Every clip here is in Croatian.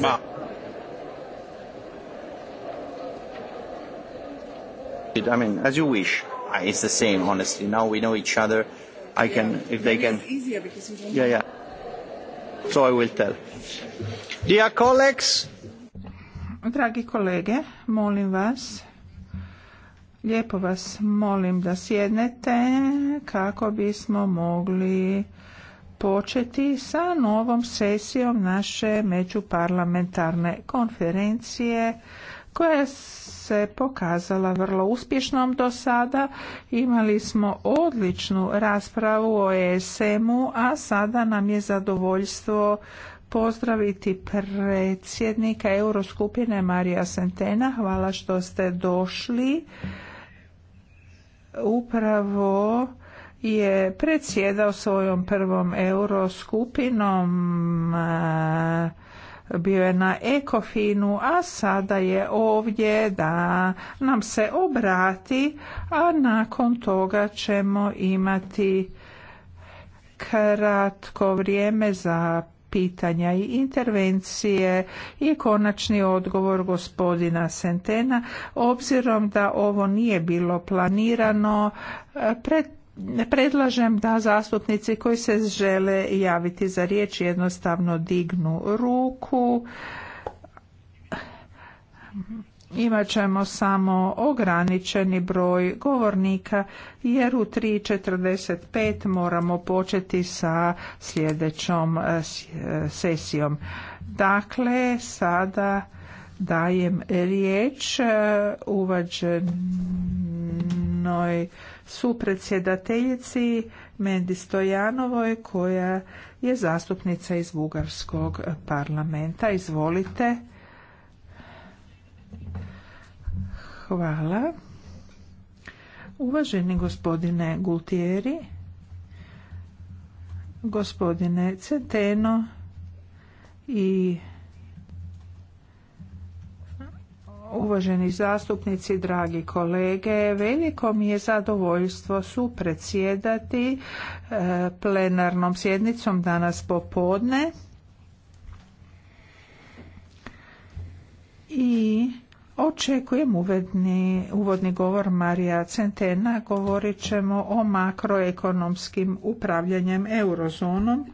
Parma. I mean, as you wish. Ah, it's the same, honestly. Now we know each other. I can, if they can. yeah, yeah. So I will tell. Dear colleagues. Dragi kolege, molim vas, lijepo vas molim da sjednete kako bismo mogli početi sa novom sesijom naše međuparlamentarne konferencije koja se pokazala vrlo uspješnom do sada. Imali smo odličnu raspravu o ESM-u, a sada nam je zadovoljstvo pozdraviti predsjednika Euroskupine Marija Sentena. Hvala što ste došli. Upravo je predsjedao svojom prvom euroskupinom, skupinom e, bio je na Ekofinu, a sada je ovdje da nam se obrati, a nakon toga ćemo imati kratko vrijeme za pitanja i intervencije i konačni odgovor gospodina Sentena. Obzirom da ovo nije bilo planirano, e, pred Predlažem da zastupnici koji se žele javiti za riječ jednostavno dignu ruku. Imat ćemo samo ograničeni broj govornika jer u 3.45 moramo početi sa sljedećom eh, eh, sesijom. Dakle, sada dajem riječ eh, uvađenoj Supredsjedateljici Mendi Stojanovoj koja je zastupnica iz Bugarskog parlamenta. Izvolite. Hvala. Uvaženi gospodine Gultieri, gospodine Centeno i Uvaženi zastupnici, dragi kolege, veliko mi je zadovoljstvo su predsjedati e, plenarnom sjednicom danas popodne i očekujem uvedni, uvodni govor Marija Centena. Govorit ćemo o makroekonomskim upravljanjem eurozonom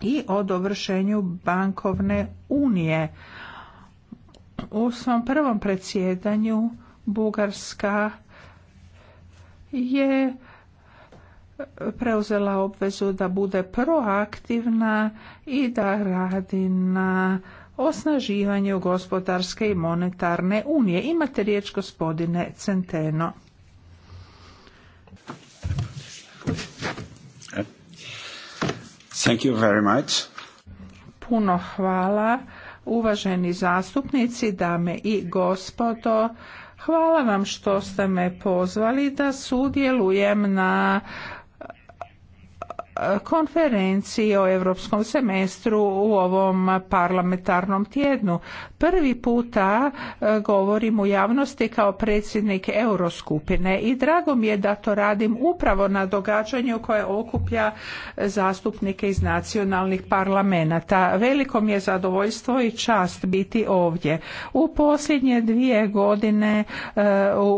i o dovršenju bankovne unije. U svom prvom predsjedanju Bugarska je preuzela obvezu da bude proaktivna i da radi na osnaživanju gospodarske i monetarne unije. Imate riječ gospodine Centeno. Thank you very much. Puno hvala. Uvaženi zastupnici, dame i gospodo, hvala vam što ste me pozvali da sudjelujem na konferenciji o europskom semestru u ovom parlamentarnom tjednu. Prvi puta e, govorim u javnosti kao predsjednik Euroskupine i drago mi je da to radim upravo na događanju koje okuplja zastupnike iz nacionalnih parlamenta. Veliko mi je zadovoljstvo i čast biti ovdje. U posljednje dvije godine e,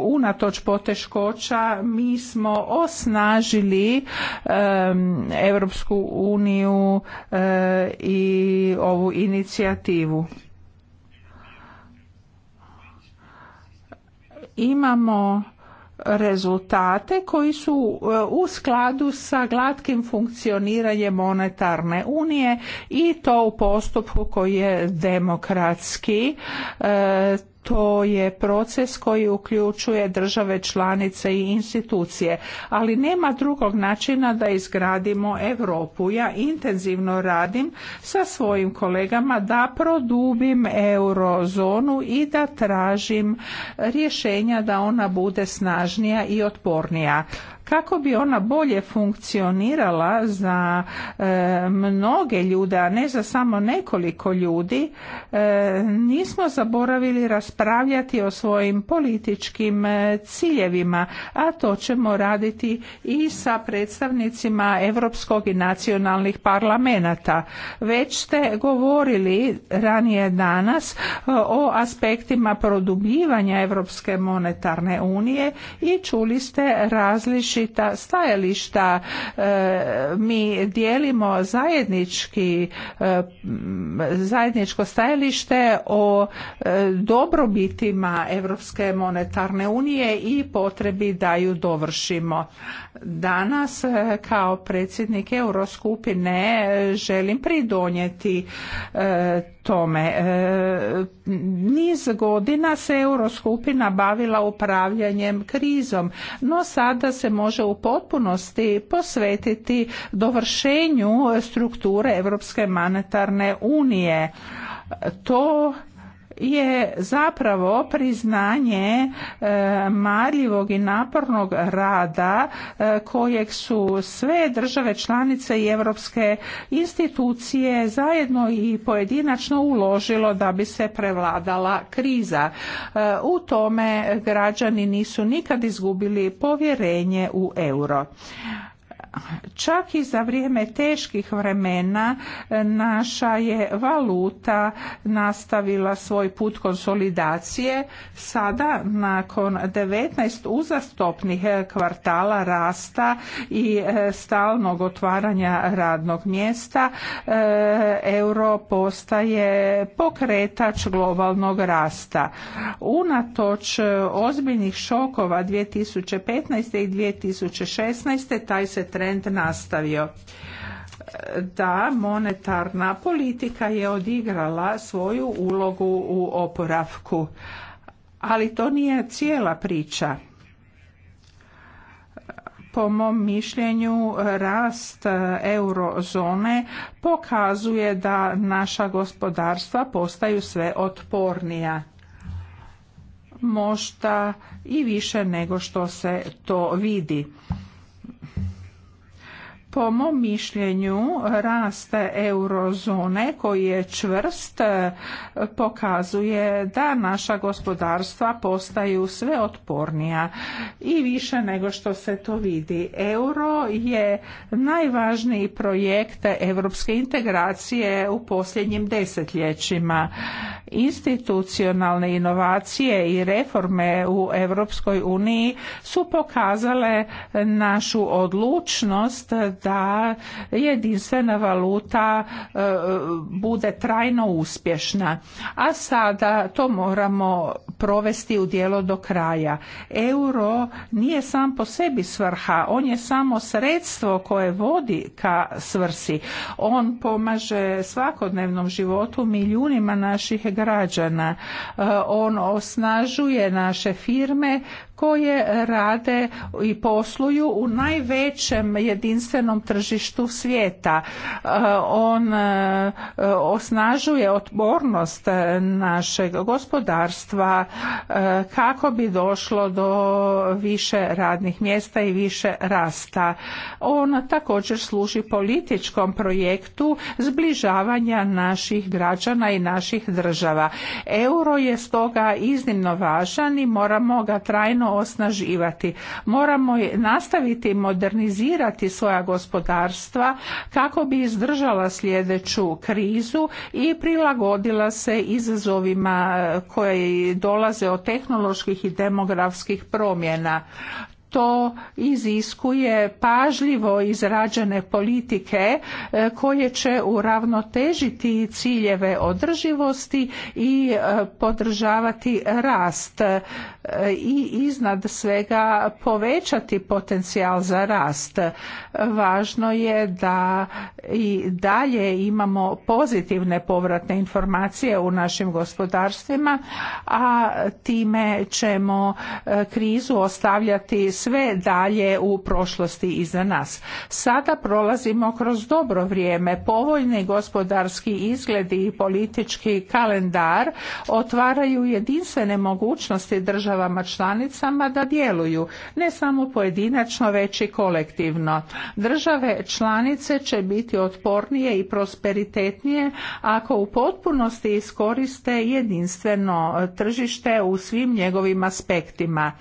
unatoč poteškoća mi smo osnažili Europsku uniju e, i ovu inicijativu. Imamo rezultate koji su e, u skladu sa glatkim funkcioniranjem monetarne unije i to u postupku koji je demokratski. E, to je proces koji uključuje države članice i institucije, ali nema drugog načina da izgradimo Europu. Ja intenzivno radim sa svojim kolegama da produbim eurozonu i da tražim rješenja da ona bude snažnija i otpornija kako bi ona bolje funkcionirala za e, mnoge ljude, a ne za samo nekoliko ljudi, e, nismo zaboravili raspravljati o svojim političkim e, ciljevima, a to ćemo raditi i sa predstavnicima Europskog i nacionalnih parlamenata. Već ste govorili ranije danas o aspektima produbljivanja Europske monetarne unije i čuli ste različite različita stajališta. E, mi dijelimo zajednički, e, zajedničko stajalište o e, dobrobitima Europske monetarne unije i potrebi da ju dovršimo. Danas kao predsjednik Euroskupine želim pridonijeti tome. Niz godina se Euroskupina bavila upravljanjem krizom, no sada se može u potpunosti posvetiti dovršenju strukture Europske monetarne unije. To je zapravo priznanje e, marljivog i napornog rada e, kojeg su sve države članice i europske institucije zajedno i pojedinačno uložilo da bi se prevladala kriza. E, u tome građani nisu nikad izgubili povjerenje u euro. Čak i za vrijeme teških vremena e, naša je valuta nastavila svoj put konsolidacije. Sada nakon 19 uzastopnih e, kvartala rasta i e, stalnog otvaranja radnog mjesta euro postaje pokretač globalnog rasta. Unatoč ozbiljnih šokova 2015. i 2016. taj se trend trend nastavio. Da, monetarna politika je odigrala svoju ulogu u oporavku, ali to nije cijela priča. Po mom mišljenju rast eurozone pokazuje da naša gospodarstva postaju sve otpornija možda i više nego što se to vidi. Po mom mišljenju rast eurozone koji je čvrst e, pokazuje da naša gospodarstva postaju sve otpornija i više nego što se to vidi. Euro je najvažniji projekt europske integracije u posljednjim desetljećima. Institucionalne inovacije i reforme u Europskoj uniji su pokazale našu odlučnost da jedinstvena valuta e, bude trajno uspješna. A sada to moramo provesti u djelo do kraja. Euro nije sam po sebi svrha, on je samo sredstvo koje vodi ka svrsi. On pomaže svakodnevnom životu milijunima naših građana. E, on osnažuje naše firme koje rade i posluju u najvećem jedinstvenom tržištu svijeta. E, on e, osnažuje otpornost našeg gospodarstva e, kako bi došlo do više radnih mjesta i više rasta. On također služi političkom projektu zbližavanja naših građana i naših država. Euro je stoga iznimno važan i moramo ga trajno osnaživati. Moramo nastaviti modernizirati svoja gospodarstva kako bi izdržala sljedeću krizu i prilagodila se izazovima koji dolaze od tehnoloških i demografskih promjena to iziskuje pažljivo izrađene politike e, koje će uravnotežiti ciljeve održivosti i e, podržavati rast e, i iznad svega povećati potencijal za rast. Važno je da i dalje imamo pozitivne povratne informacije u našim gospodarstvima, a time ćemo krizu ostavljati sve dalje u prošlosti iza nas. Sada prolazimo kroz dobro vrijeme. Povoljni gospodarski izgledi i politički kalendar otvaraju jedinstvene mogućnosti državama članicama da djeluju, ne samo pojedinačno, već i kolektivno. Države članice će biti otpornije i prosperitetnije ako u potpunosti iskoriste jedinstveno tržište u svim njegovim aspektima.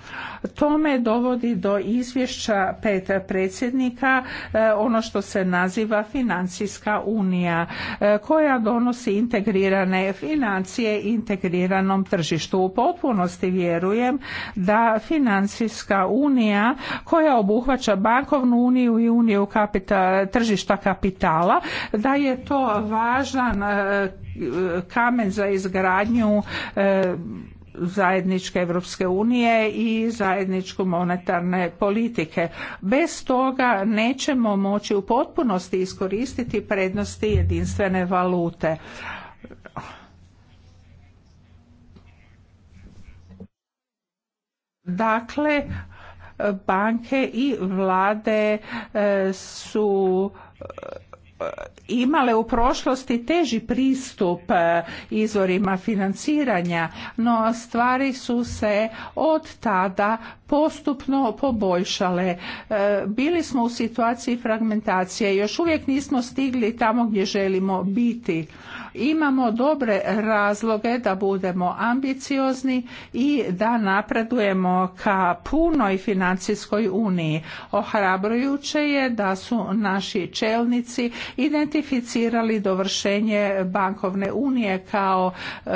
Tome dovodi do izvješća pet predsjednika, e, ono što se naziva financijska unija, e, koja donosi integrirane financije integriranom tržištu. U potpunosti vjerujem da financijska unija koja obuhvaća bankovnu uniju i uniju tržišta kapitala, da je to važan e, kamen za izgradnju zajedničke Europske unije i zajedničku monetarne politike. Bez toga nećemo moći u potpunosti iskoristiti prednosti jedinstvene valute. Dakle, banke i vlade e, su imale u prošlosti teži pristup e, izvorima financiranja, no stvari su se od tada postupno poboljšale. E, bili smo u situaciji fragmentacije, još uvijek nismo stigli tamo gdje želimo biti imamo dobre razloge da budemo ambiciozni i da napredujemo ka punoj financijskoj uniji. Ohrabrujuće je da su naši čelnici identificirali dovršenje bankovne unije kao e,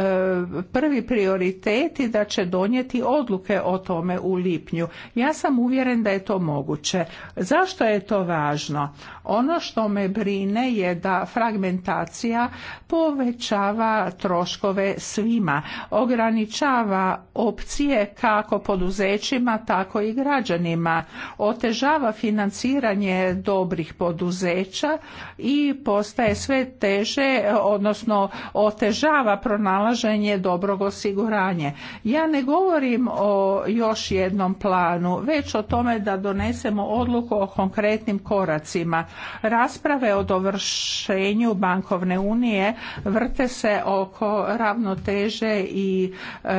prvi prioritet i da će donijeti odluke o tome u lipnju. Ja sam uvjeren da je to moguće. Zašto je to važno? Ono što me brine je da fragmentacija povećava troškove svima, ograničava opcije kako poduzećima, tako i građanima, otežava financiranje dobrih poduzeća i postaje sve teže, odnosno otežava pronalaženje dobrog osiguranja. Ja ne govorim o još jednom planu, već o tome da donesemo odluku o konkretnim koracima. Rasprave o dovršenju bankovne unije vrte se oko ravnoteže i e,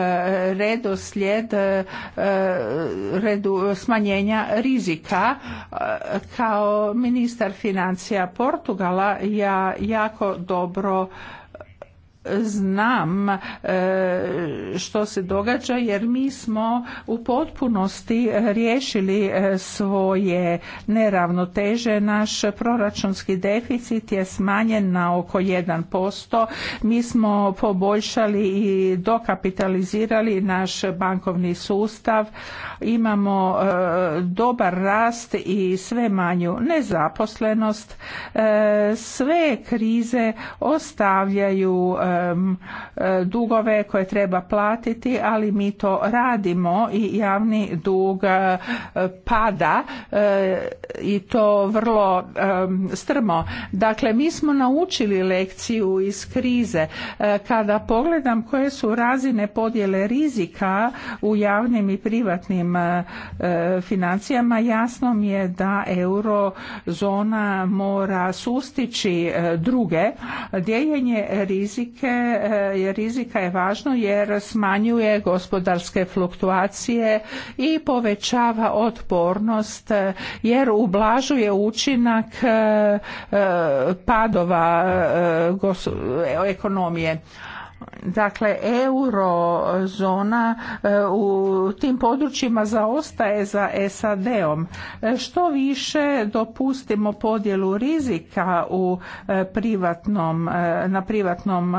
redoslijed e, smanjenja rizika. E, kao ministar financija Portugala ja jako dobro znam e, što se događa jer mi smo u potpunosti riješili e, svoje neravnoteže. Naš proračunski deficit je smanjen na oko 1%. Mi smo poboljšali i dokapitalizirali naš bankovni sustav. Imamo e, dobar rast i sve manju nezaposlenost. Sve krize ostavljaju dugove koje treba platiti, ali mi to radimo i javni dug eh, pada eh, i to vrlo strmo. Dakle, mi smo naučili lekciju iz krize. Eh, kada pogledam koje su razine podjele rizika u javnim i privatnim financijama, jasno mi je da zona mora sustići druge. Dijeljenje rizika rizike, e, rizika je važno jer smanjuje gospodarske fluktuacije i povećava otpornost e, jer ublažuje učinak e, padova ekonomije. Dakle, eurozona e, u tim područjima zaostaje za SAD-om. E, što više dopustimo podjelu rizika u e, privatnom, na privatnom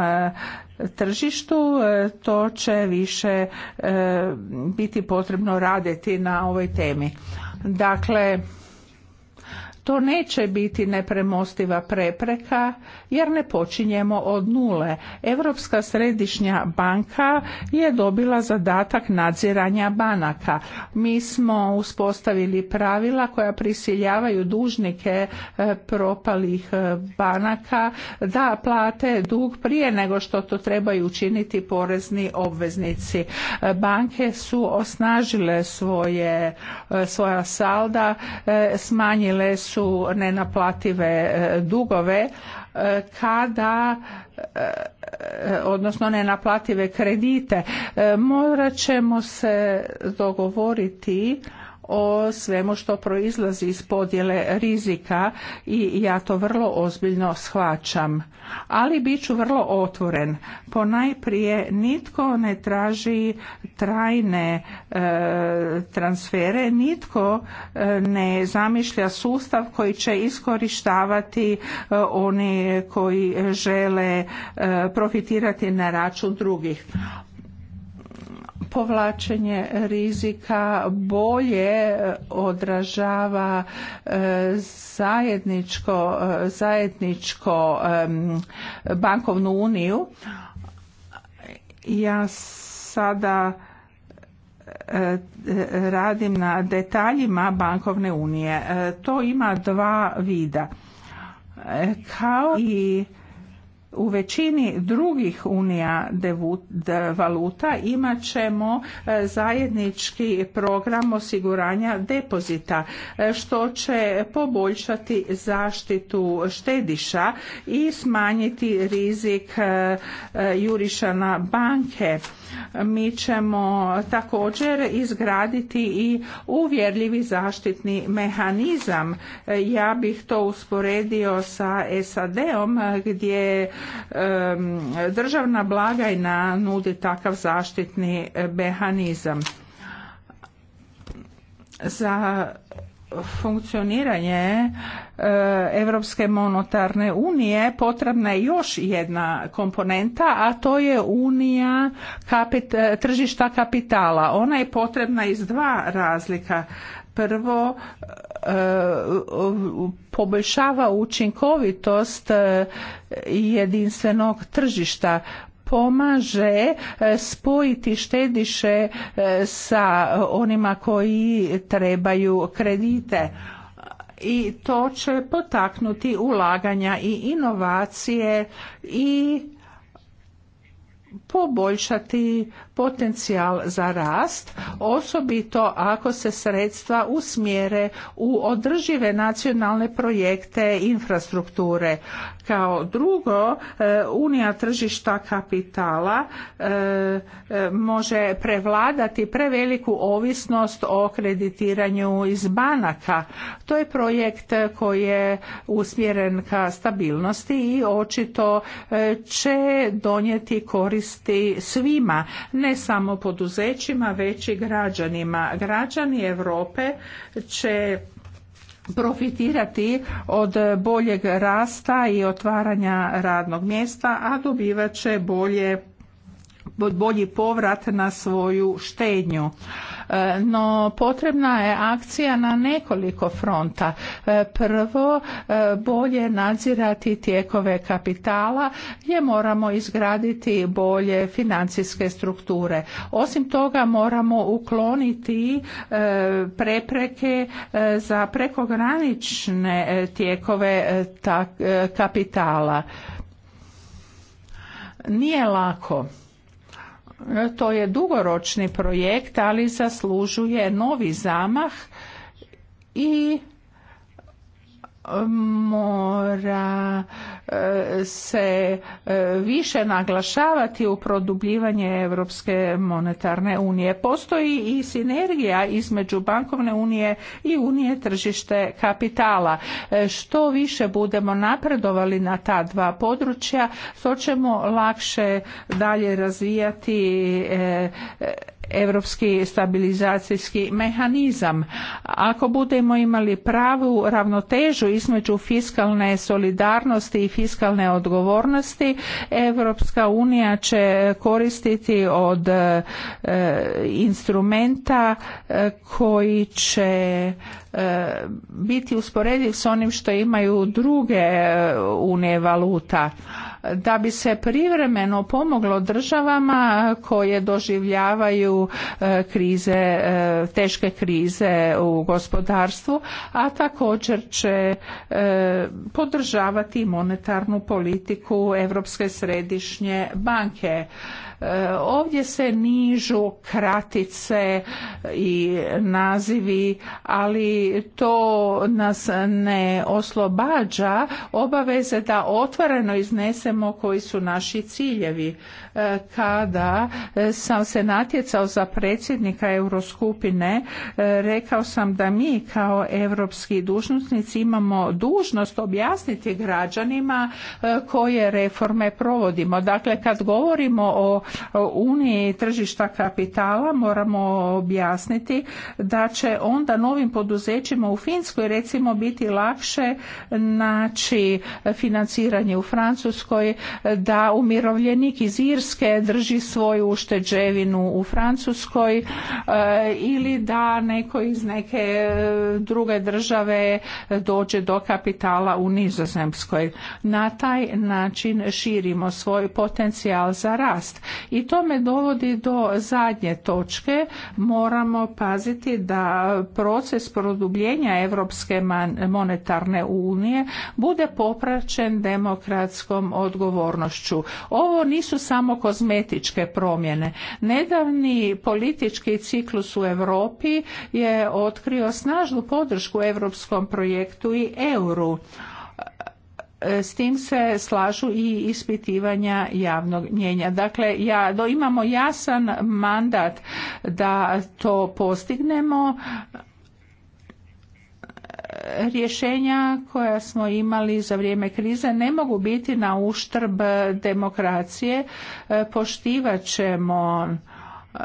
tržištu, to će više biti potrebno raditi na ovoj temi. Dakle, to neće biti nepremostiva prepreka jer ne počinjemo od nule. Europska središnja banka je dobila zadatak nadziranja banaka. Mi smo uspostavili pravila koja prisiljavaju dužnike e, propalih e, banaka da plate dug prije nego što to trebaju učiniti porezni obveznici. Banke su osnažile svoje, e, svoja salda, smanjile su su nenaplative e, dugove e, kada e, odnosno nenaplative kredite morat ćemo se dogovoriti o svemu što proizlazi iz podjele rizika i ja to vrlo ozbiljno shvaćam. Ali bit ću vrlo otvoren. Ponajprije nitko ne traži trajne e, transfere, nitko e, ne zamišlja sustav koji će iskorištavati e, one koji žele profitirati na račun drugih povlačenje rizika bolje odražava e, zajedničko, e, zajedničko bankovnu uniju. Ja sada e, radim na detaljima bankovne unije. To ima dva vida. Kao i u većini drugih unija valuta imat ćemo e, zajednički program osiguranja depozita e, što će poboljšati zaštitu štediša i smanjiti rizik e, juriša na banke mi ćemo također izgraditi i uvjerljivi zaštitni mehanizam. Ja bih to usporedio sa SAD-om gdje državna blagajna nudi takav zaštitni mehanizam. Za funkcioniranje Europske monetarne unije potrebna je još jedna komponenta, a to je unija kapit, e, tržišta kapitala. Ona je potrebna iz dva razlika. Prvo, e, poboljšava učinkovitost e, jedinstvenog tržišta pomaže e, spojiti štediše e, sa onima koji trebaju kredite i to će potaknuti ulaganja i inovacije i poboljšati potencijal za rast, osobito ako se sredstva usmjere u održive nacionalne projekte infrastrukture. Kao drugo, e, unija tržišta kapitala e, e, može prevladati preveliku ovisnost o kreditiranju iz banaka. To je projekt koji je usmjeren ka stabilnosti i očito će donijeti koristi svima, ne ne samo poduzećima već i građanima. Građani Europe će profitirati od boljeg rasta i otvaranja radnog mjesta, a dobivat će bolje bolji povrat na svoju štednju. E, no potrebna je akcija na nekoliko fronta. E, prvo, e, bolje nadzirati tijekove kapitala gdje moramo izgraditi bolje financijske strukture. Osim toga moramo ukloniti prepreke za prekogranične tijekove kapitala. Nije lako to je dugoročni projekt, ali zaslužuje novi zamah i mora e, se e, više naglašavati u produbljivanje Europske monetarne unije. Postoji i sinergija između bankovne unije i unije tržište kapitala. E, što više budemo napredovali na ta dva područja, to ćemo lakše dalje razvijati europski stabilizacijski mehanizam. Ako budemo imali pravu ravnotežu između fiskalne solidarnosti i fiskalne odgovornosti, Europska unija će koristiti od e, instrumenta e, koji će e, biti usporediv s onim što imaju druge unije valuta da bi se privremeno pomoglo državama koje doživljavaju e, krize, e, teške krize u gospodarstvu, a također će e, podržavati monetarnu politiku Europske središnje banke. Ovdje se nižu kratice i nazivi, ali to nas ne oslobađa obaveze da otvoreno iznesemo koji su naši ciljevi. E, kada e, sam se natjecao za predsjednika Euroskupine, e, rekao sam da mi kao europski dužnosnici imamo dužnost objasniti građanima koje reforme provodimo. Dakle, kad govorimo o Uniji tržišta kapitala, moramo objasniti da će onda novim poduzećima u Finskoj recimo biti lakše naći financiranje u Francuskoj, da umirovljenik iz Irske Irske drži svoju ušteđevinu u Francuskoj e, ili da neko iz neke e, druge države dođe do kapitala u Nizozemskoj. Na taj način širimo svoj potencijal za rast. I to me dovodi do zadnje točke. Moramo paziti da proces produbljenja Evropske monetarne unije bude popraćen demokratskom odgovornošću. Ovo nisu samo kozmetičke promjene. Nedavni politički ciklus u Europi je otkrio snažnu podršku europskom projektu i euru. S tim se slažu i ispitivanja javnog mjenja. Dakle, ja, do, imamo jasan mandat da to postignemo rješenja koja smo imali za vrijeme krize ne mogu biti na uštrb demokracije. E, poštivat ćemo e,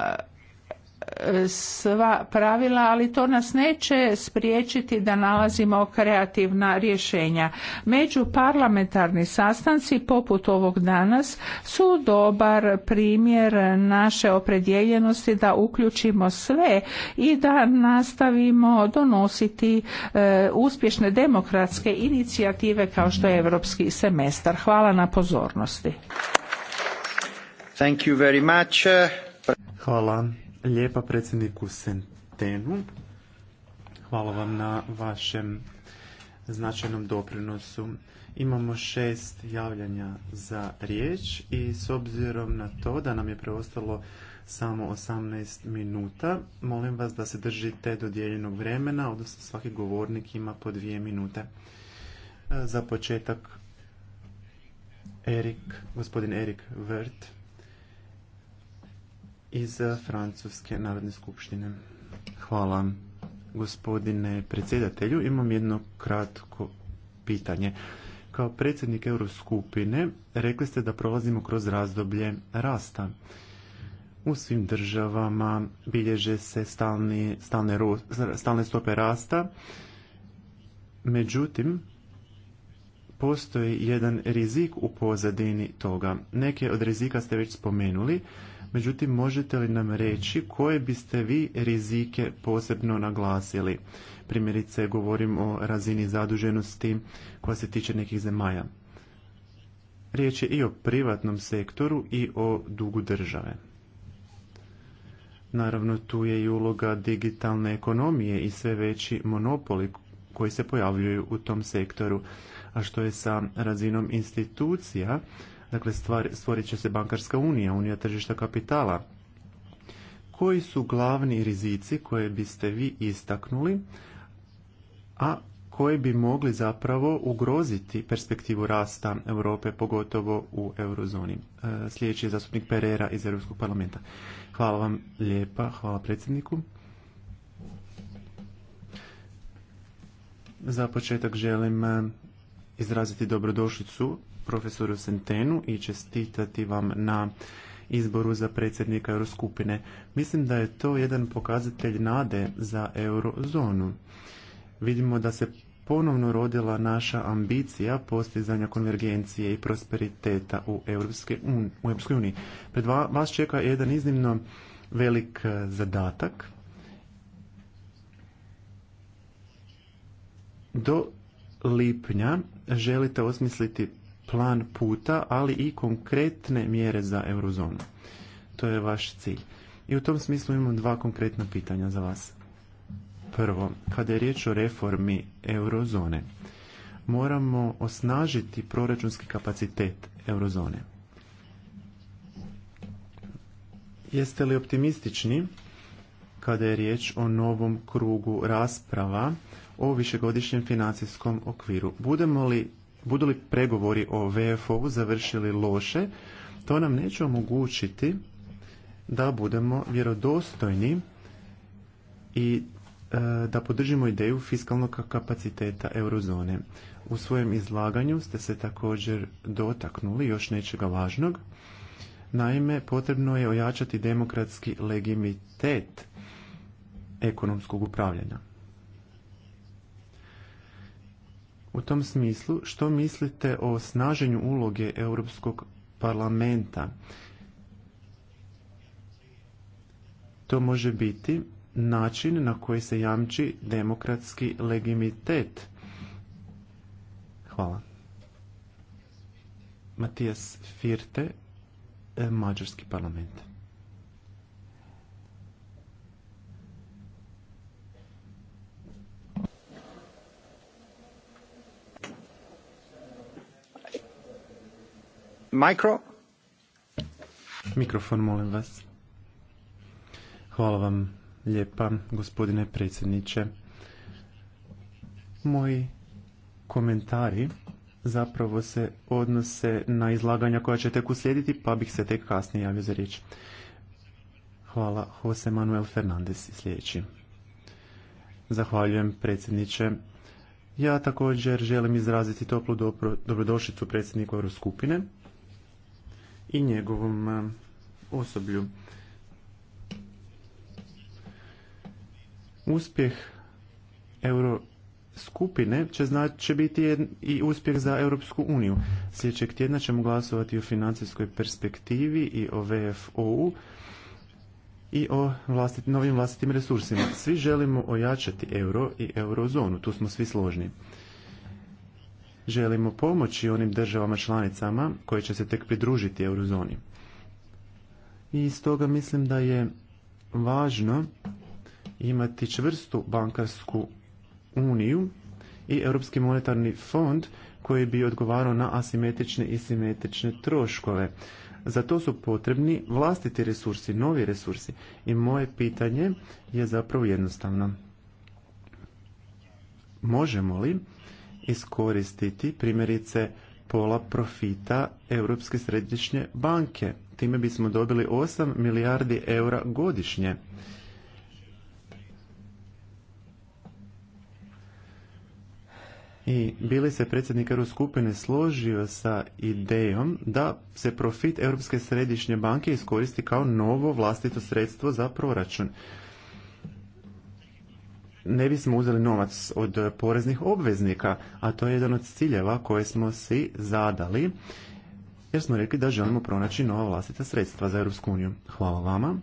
sva pravila, ali to nas neće spriječiti da nalazimo kreativna rješenja. Među parlamentarni sastanci poput ovog danas su dobar primjer naše opredjeljenosti da uključimo sve i da nastavimo donositi e, uspješne demokratske inicijative kao što je europski semestar. Hvala na pozornosti. Thank you very much lijepa predsjedniku Sentenu. Hvala vam na vašem značajnom doprinosu. Imamo šest javljanja za riječ i s obzirom na to da nam je preostalo samo 18 minuta, molim vas da se držite dodijeljenog vremena, odnosno svaki govornik ima po dvije minute. E, za početak Erik, gospodin Erik Wirth iz eh, Francuske narodne skupštine. Hvala gospodine predsjedatelju. Imam jedno kratko pitanje. Kao predsjednik Euroskupine rekli ste da prolazimo kroz razdoblje rasta. U svim državama bilježe se stalni, stalne, stalne stope rasta. Međutim, postoji jedan rizik u pozadini toga. Neke od rizika ste već spomenuli. Međutim, možete li nam reći koje biste vi rizike posebno naglasili? Primjerice, govorim o razini zaduženosti koja se tiče nekih zemalja. Riječ je i o privatnom sektoru i o dugu države. Naravno, tu je i uloga digitalne ekonomije i sve veći monopoli koji se pojavljuju u tom sektoru. A što je sa razinom institucija Dakle, stvar, stvorit će se bankarska unija, unija tržišta kapitala. Koji su glavni rizici koje biste vi istaknuli, a koji bi mogli zapravo ugroziti perspektivu rasta Europe, pogotovo u eurozoni. E, sljedeći je zastupnik Pereira iz Europskog parlamenta. Hvala vam lijepa, hvala predsjedniku. Za početak želim e, izraziti dobrodošlicu profesoru Sentenu i čestitati vam na izboru za predsjednika Euroskupine. Mislim da je to jedan pokazatelj nade za eurozonu. Vidimo da se ponovno rodila naša ambicija postizanja konvergencije i prosperiteta u Europskoj uniji. Pred vas čeka jedan iznimno velik eh, zadatak. Do lipnja želite osmisliti plan puta, ali i konkretne mjere za eurozonu. To je vaš cilj. I u tom smislu imam dva konkretna pitanja za vas. Prvo, kada je riječ o reformi eurozone, moramo osnažiti proračunski kapacitet eurozone. Jeste li optimistični kada je riječ o novom krugu rasprava o višegodišnjem financijskom okviru? Budemo li budu li pregovori o VFO-u završili loše, to nam neće omogućiti da budemo vjerodostojni i e, da podržimo ideju fiskalnog kapaciteta eurozone. U svojem izlaganju ste se također dotaknuli još nečega važnog. Naime, potrebno je ojačati demokratski legitimitet ekonomskog upravljanja. U tom smislu, što mislite o snaženju uloge Europskog parlamenta? To može biti način na koji se jamči demokratski legitimitet. Hvala. Matijas Firte, e, Mađarski parlament. Mikrofon, molim vas. Hvala vam lijepa, gospodine predsjedniče. Moji komentari zapravo se odnose na izlaganja koja će tek uslijediti, pa bih se tek kasnije javio za riječ. Hvala, Jose Manuel Fernandez sljedeći. Zahvaljujem predsjedniče. Ja također želim izraziti toplu dobrodošlicu predsjedniku Euroskupine. skupine i njegovom eh, osoblju. Uspjeh euro skupine će, će biti i uspjeh za Europsku uniju. Sljedećeg tjedna ćemo glasovati o financijskoj perspektivi i o vfo i o vlastit, novim vlastitim resursima. Svi želimo ojačati euro i eurozonu, tu smo svi složni želimo pomoći onim državama članicama koje će se tek pridružiti eurozoni. I stoga mislim da je važno imati čvrstu bankarsku uniju i Europski monetarni fond koji bi odgovarao na asimetrične i simetrične troškove. Za to su potrebni vlastiti resursi, novi resursi. I moje pitanje je zapravo jednostavno. Možemo li iskoristiti primjerice pola profita Europske središnje banke. Time bismo dobili 8 milijardi eura godišnje. I bili se predsjednik skupine složio sa idejom da se profit Europske središnje banke iskoristi kao novo vlastito sredstvo za proračun ne bismo uzeli novac od poreznih obveznika, a to je jedan od ciljeva koje smo si zadali, jer smo rekli da želimo pronaći nova vlastita sredstva za Europsku uniju. Hvala vama.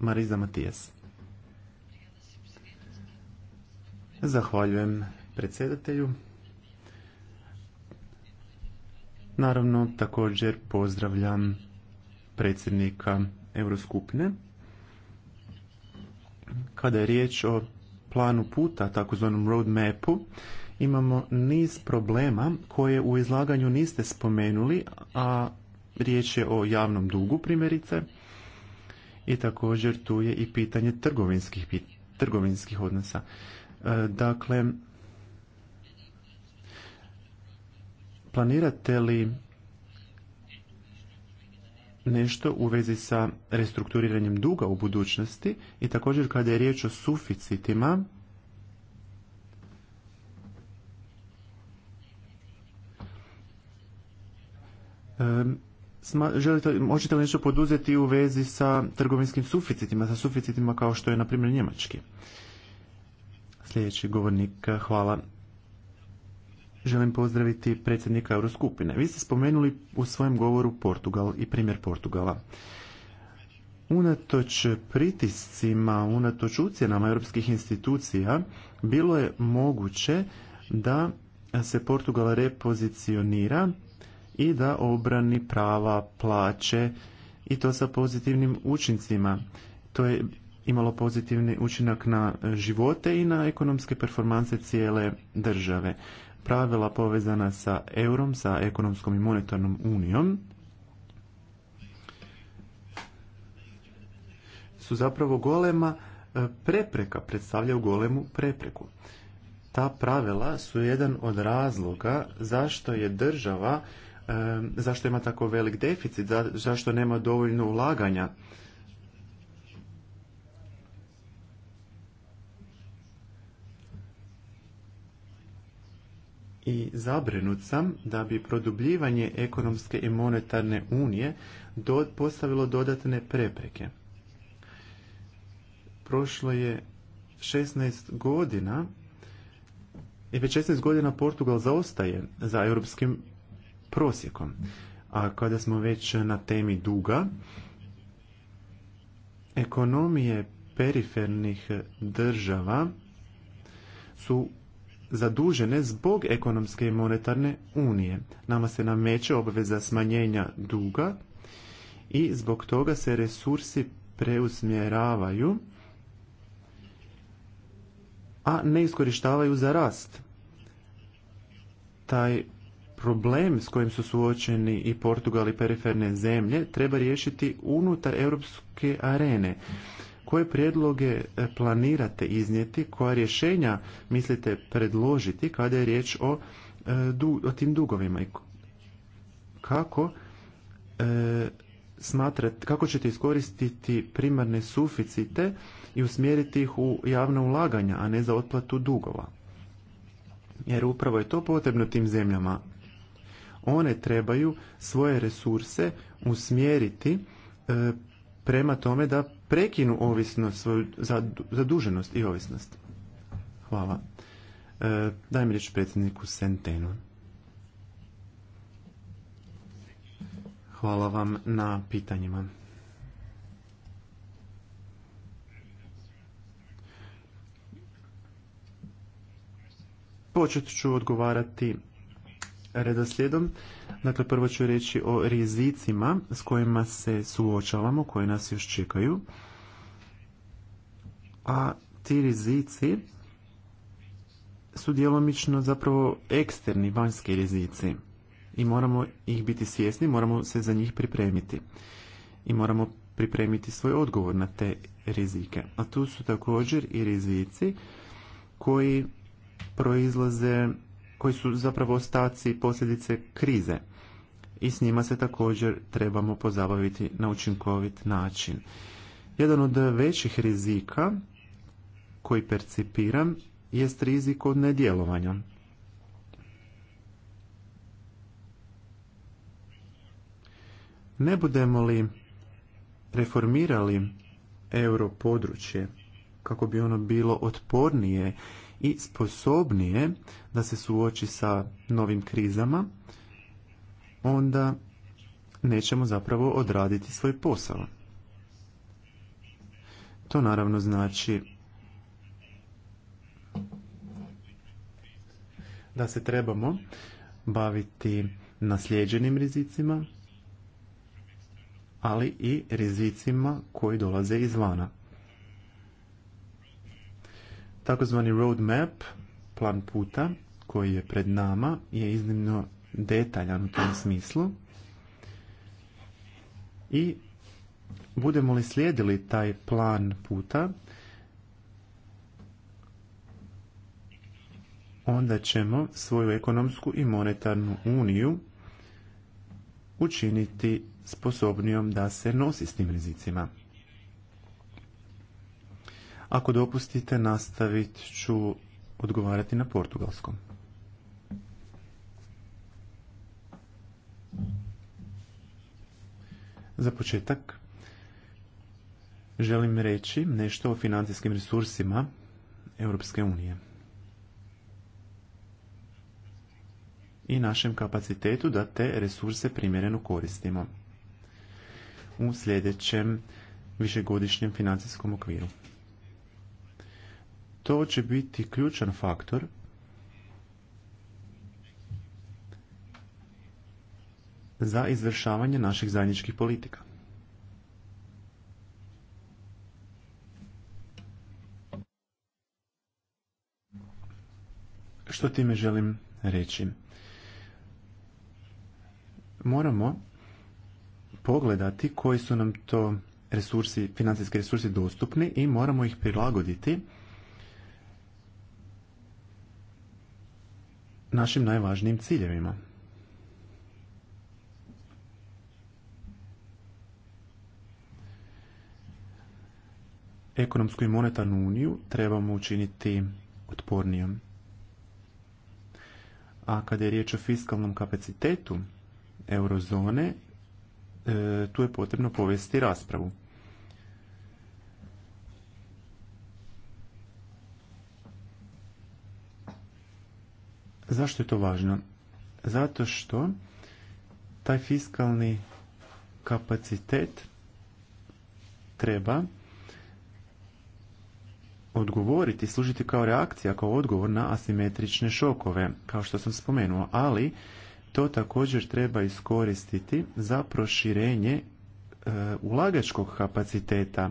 Mariza Matijas. Zahvaljujem predsjedatelju. Naravno, također pozdravljam predsjednika Euroskupine. Kada je riječ o planu puta, takozvanom mapu, imamo niz problema koje u izlaganju niste spomenuli, a riječ je o javnom dugu primjerice i također tu je i pitanje trgovinskih, trgovinskih odnosa. E, dakle, planirate li nešto u vezi sa restrukturiranjem duga u budućnosti i također kada je riječ o suficitima Sma, želite, možete li nešto poduzeti u vezi sa trgovinskim suficitima, sa suficitima kao što je na primjer njemački? Sljedeći govornik, hvala želim pozdraviti predsjednika Euroskupine. Vi ste spomenuli u svojem govoru Portugal i primjer Portugala. Unatoč pritiscima, unatoč ucjenama europskih institucija, bilo je moguće da se Portugal repozicionira i da obrani prava plaće i to sa pozitivnim učincima. To je imalo pozitivni učinak na živote i na ekonomske performanse cijele države pravila povezana sa eurom, sa ekonomskom i monetarnom unijom, su zapravo golema e, prepreka, predstavljaju golemu prepreku. Ta pravila su jedan od razloga zašto je država, e, zašto ima tako velik deficit, zašto nema dovoljno ulaganja i zabrinut sam da bi produbljivanje ekonomske i monetarne unije postavilo dodatne prepreke. Prošlo je 16 godina i već 16 godina Portugal zaostaje za europskim prosjekom. A kada smo već na temi duga, ekonomije perifernih država su zadužene zbog ekonomske i monetarne unije. Nama se nameće obveza smanjenja duga i zbog toga se resursi preusmjeravaju, a ne iskorištavaju za rast. Taj problem s kojim su suočeni i Portugal i periferne zemlje treba riješiti unutar europske arene. Koje prijedloge e, planirate iznijeti, koja rješenja mislite predložiti kada je riječ o, e, o tim dugovima i kako e, smatrate, kako ćete iskoristiti primarne suficite i usmjeriti ih u javna ulaganja, a ne za otplatu dugova. Jer upravo je to potrebno tim zemljama. One trebaju svoje resurse usmjeriti e, prema tome da prekinu ovisnost, svoju zaduženost i ovisnost. Hvala. E, dajem riječ predsjedniku Sentenu. Hvala vam na pitanjima. Počet ću odgovarati redoslijedom. Dakle, prvo ću reći o rizicima s kojima se suočavamo, koji nas još čekaju. A ti rizici su djelomično zapravo eksterni vanjski rizici i moramo ih biti svjesni, moramo se za njih pripremiti i moramo pripremiti svoj odgovor na te rizike. A tu su također i rizici koji proizlaze, koji su zapravo ostaci posljedice krize i s njima se također trebamo pozabaviti na učinkovit način. Jedan od većih rizika koji percipiram jest rizik od nedjelovanja. Ne budemo li reformirali euro područje kako bi ono bilo otpornije i sposobnije da se suoči sa novim krizama, onda nećemo zapravo odraditi svoj posao. To naravno znači da se trebamo baviti nasljeđenim rizicima, ali i rizicima koji dolaze izvana. Takozvani roadmap, plan puta koji je pred nama, je iznimno detaljan u tom smislu. I budemo li slijedili taj plan puta, onda ćemo svoju ekonomsku i monetarnu uniju učiniti sposobnijom da se nosi s tim rizicima. Ako dopustite, nastavit ću odgovarati na portugalskom. Za početak želim reći nešto o financijskim resursima Europske unije i našem kapacitetu da te resurse primjereno koristimo u sljedećem višegodišnjem financijskom okviru. To će biti ključan faktor za izvršavanje naših zajedničkih politika. Što time želim reći? Moramo pogledati koji su nam to resursi, financijski resursi dostupni i moramo ih prilagoditi našim najvažnijim ciljevima. ekonomsku i monetarnu uniju trebamo učiniti otpornijom. A kada je riječ o fiskalnom kapacitetu eurozone, e, tu je potrebno povesti raspravu. Zašto je to važno? Zato što taj fiskalni kapacitet treba odgovoriti, služiti kao reakcija, kao odgovor na asimetrične šokove, kao što sam spomenuo, ali to također treba iskoristiti za proširenje e, ulagačkog kapaciteta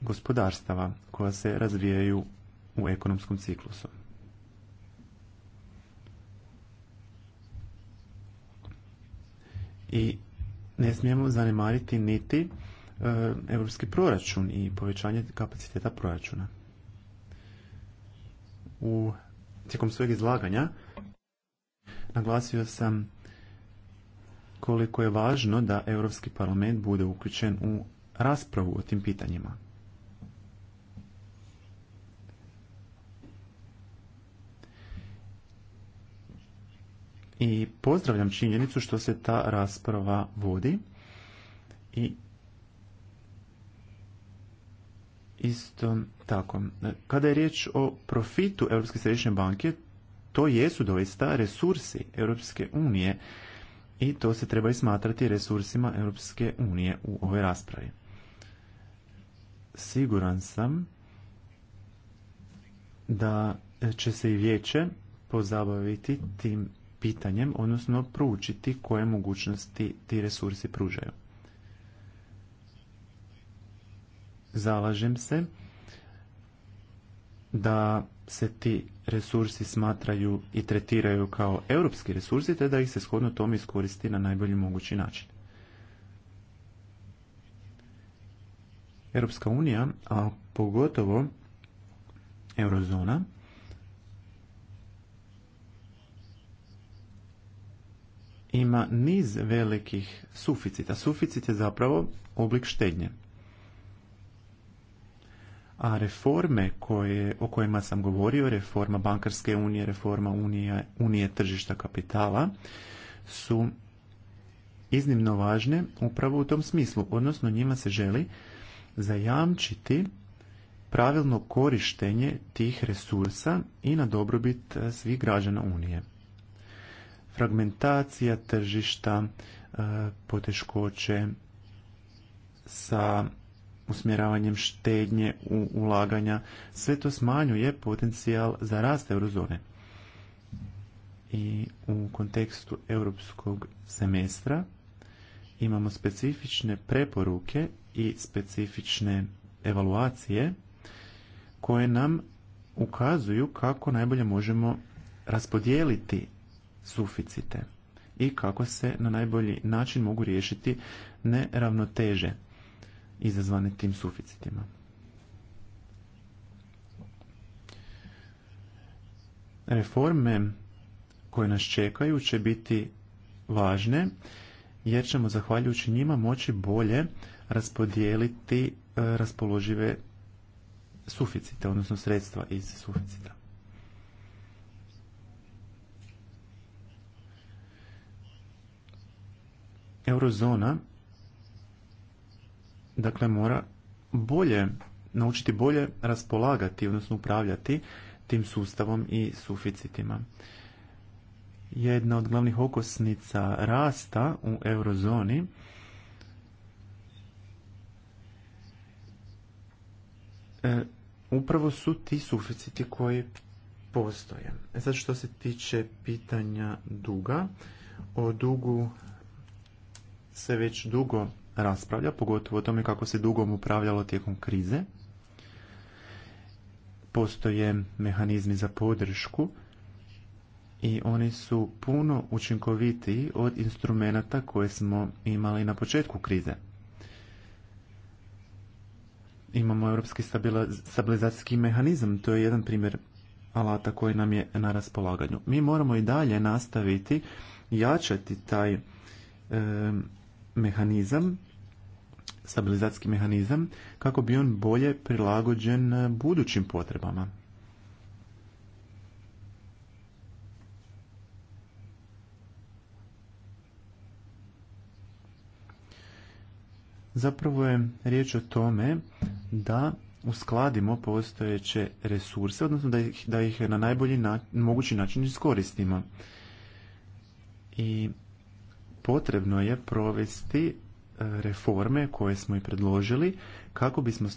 gospodarstava koja se razvijaju u ekonomskom ciklusu. I ne smijemo zanemariti niti europski proračun i povećanje kapaciteta proračuna u tijekom svojeg izlaganja naglasio sam koliko je važno da Europski parlament bude uključen u raspravu o tim pitanjima. I pozdravljam činjenicu što se ta rasprava vodi i Isto tako. Kada je riječ o profitu Europske središnje banke, to jesu doista resursi Europske unije i to se treba i smatrati resursima Europske unije u ovoj raspravi. Siguran sam da će se i vijeće pozabaviti tim pitanjem, odnosno proučiti koje mogućnosti ti resursi pružaju. zalažem se da se ti resursi smatraju i tretiraju kao europski resursi te da ih se shodno tome iskoristi na najbolji mogući način. Europska unija, a pogotovo eurozona, ima niz velikih suficita. Suficit je zapravo oblik štednje a reforme koje, o kojima sam govorio, reforma bankarske unije, reforma unije, unije tržišta kapitala, su iznimno važne upravo u tom smislu, odnosno njima se želi zajamčiti pravilno korištenje tih resursa i na dobrobit e, svih građana Unije. Fragmentacija tržišta, e, poteškoće sa usmjeravanjem štednje u ulaganja, sve to smanjuje potencijal za rast eurozone. I u kontekstu europskog semestra imamo specifične preporuke i specifične evaluacije koje nam ukazuju kako najbolje možemo raspodijeliti suficite i kako se na najbolji način mogu riješiti neravnoteže izazvane tim suficitima. Reforme koje nas čekaju će biti važne jer ćemo zahvaljujući njima moći bolje raspodijeliti e, raspoložive suficite, odnosno sredstva iz suficita. Eurozona Dakle, mora bolje, naučiti bolje raspolagati, odnosno upravljati tim sustavom i suficitima. Jedna od glavnih okosnica rasta u eurozoni e, upravo su ti suficiti koji postoje. E sad što se tiče pitanja duga, o dugu se već dugo raspravlja, pogotovo o tome kako se dugom upravljalo tijekom krize. Postoje mehanizmi za podršku i oni su puno učinkovitiji od instrumenata koje smo imali na početku krize. Imamo europski stabilizacijski mehanizam, to je jedan primjer alata koji nam je na raspolaganju. Mi moramo i dalje nastaviti jačati taj mehanizam stabilizacijski mehanizam kako bi on bolje prilagođen e, budućim potrebama. Zapravo je riječ o tome da uskladimo postojeće resurse, odnosno da ih, da ih na najbolji na, mogući način iskoristimo. I potrebno je provesti reforme koje smo i predložili kako bismo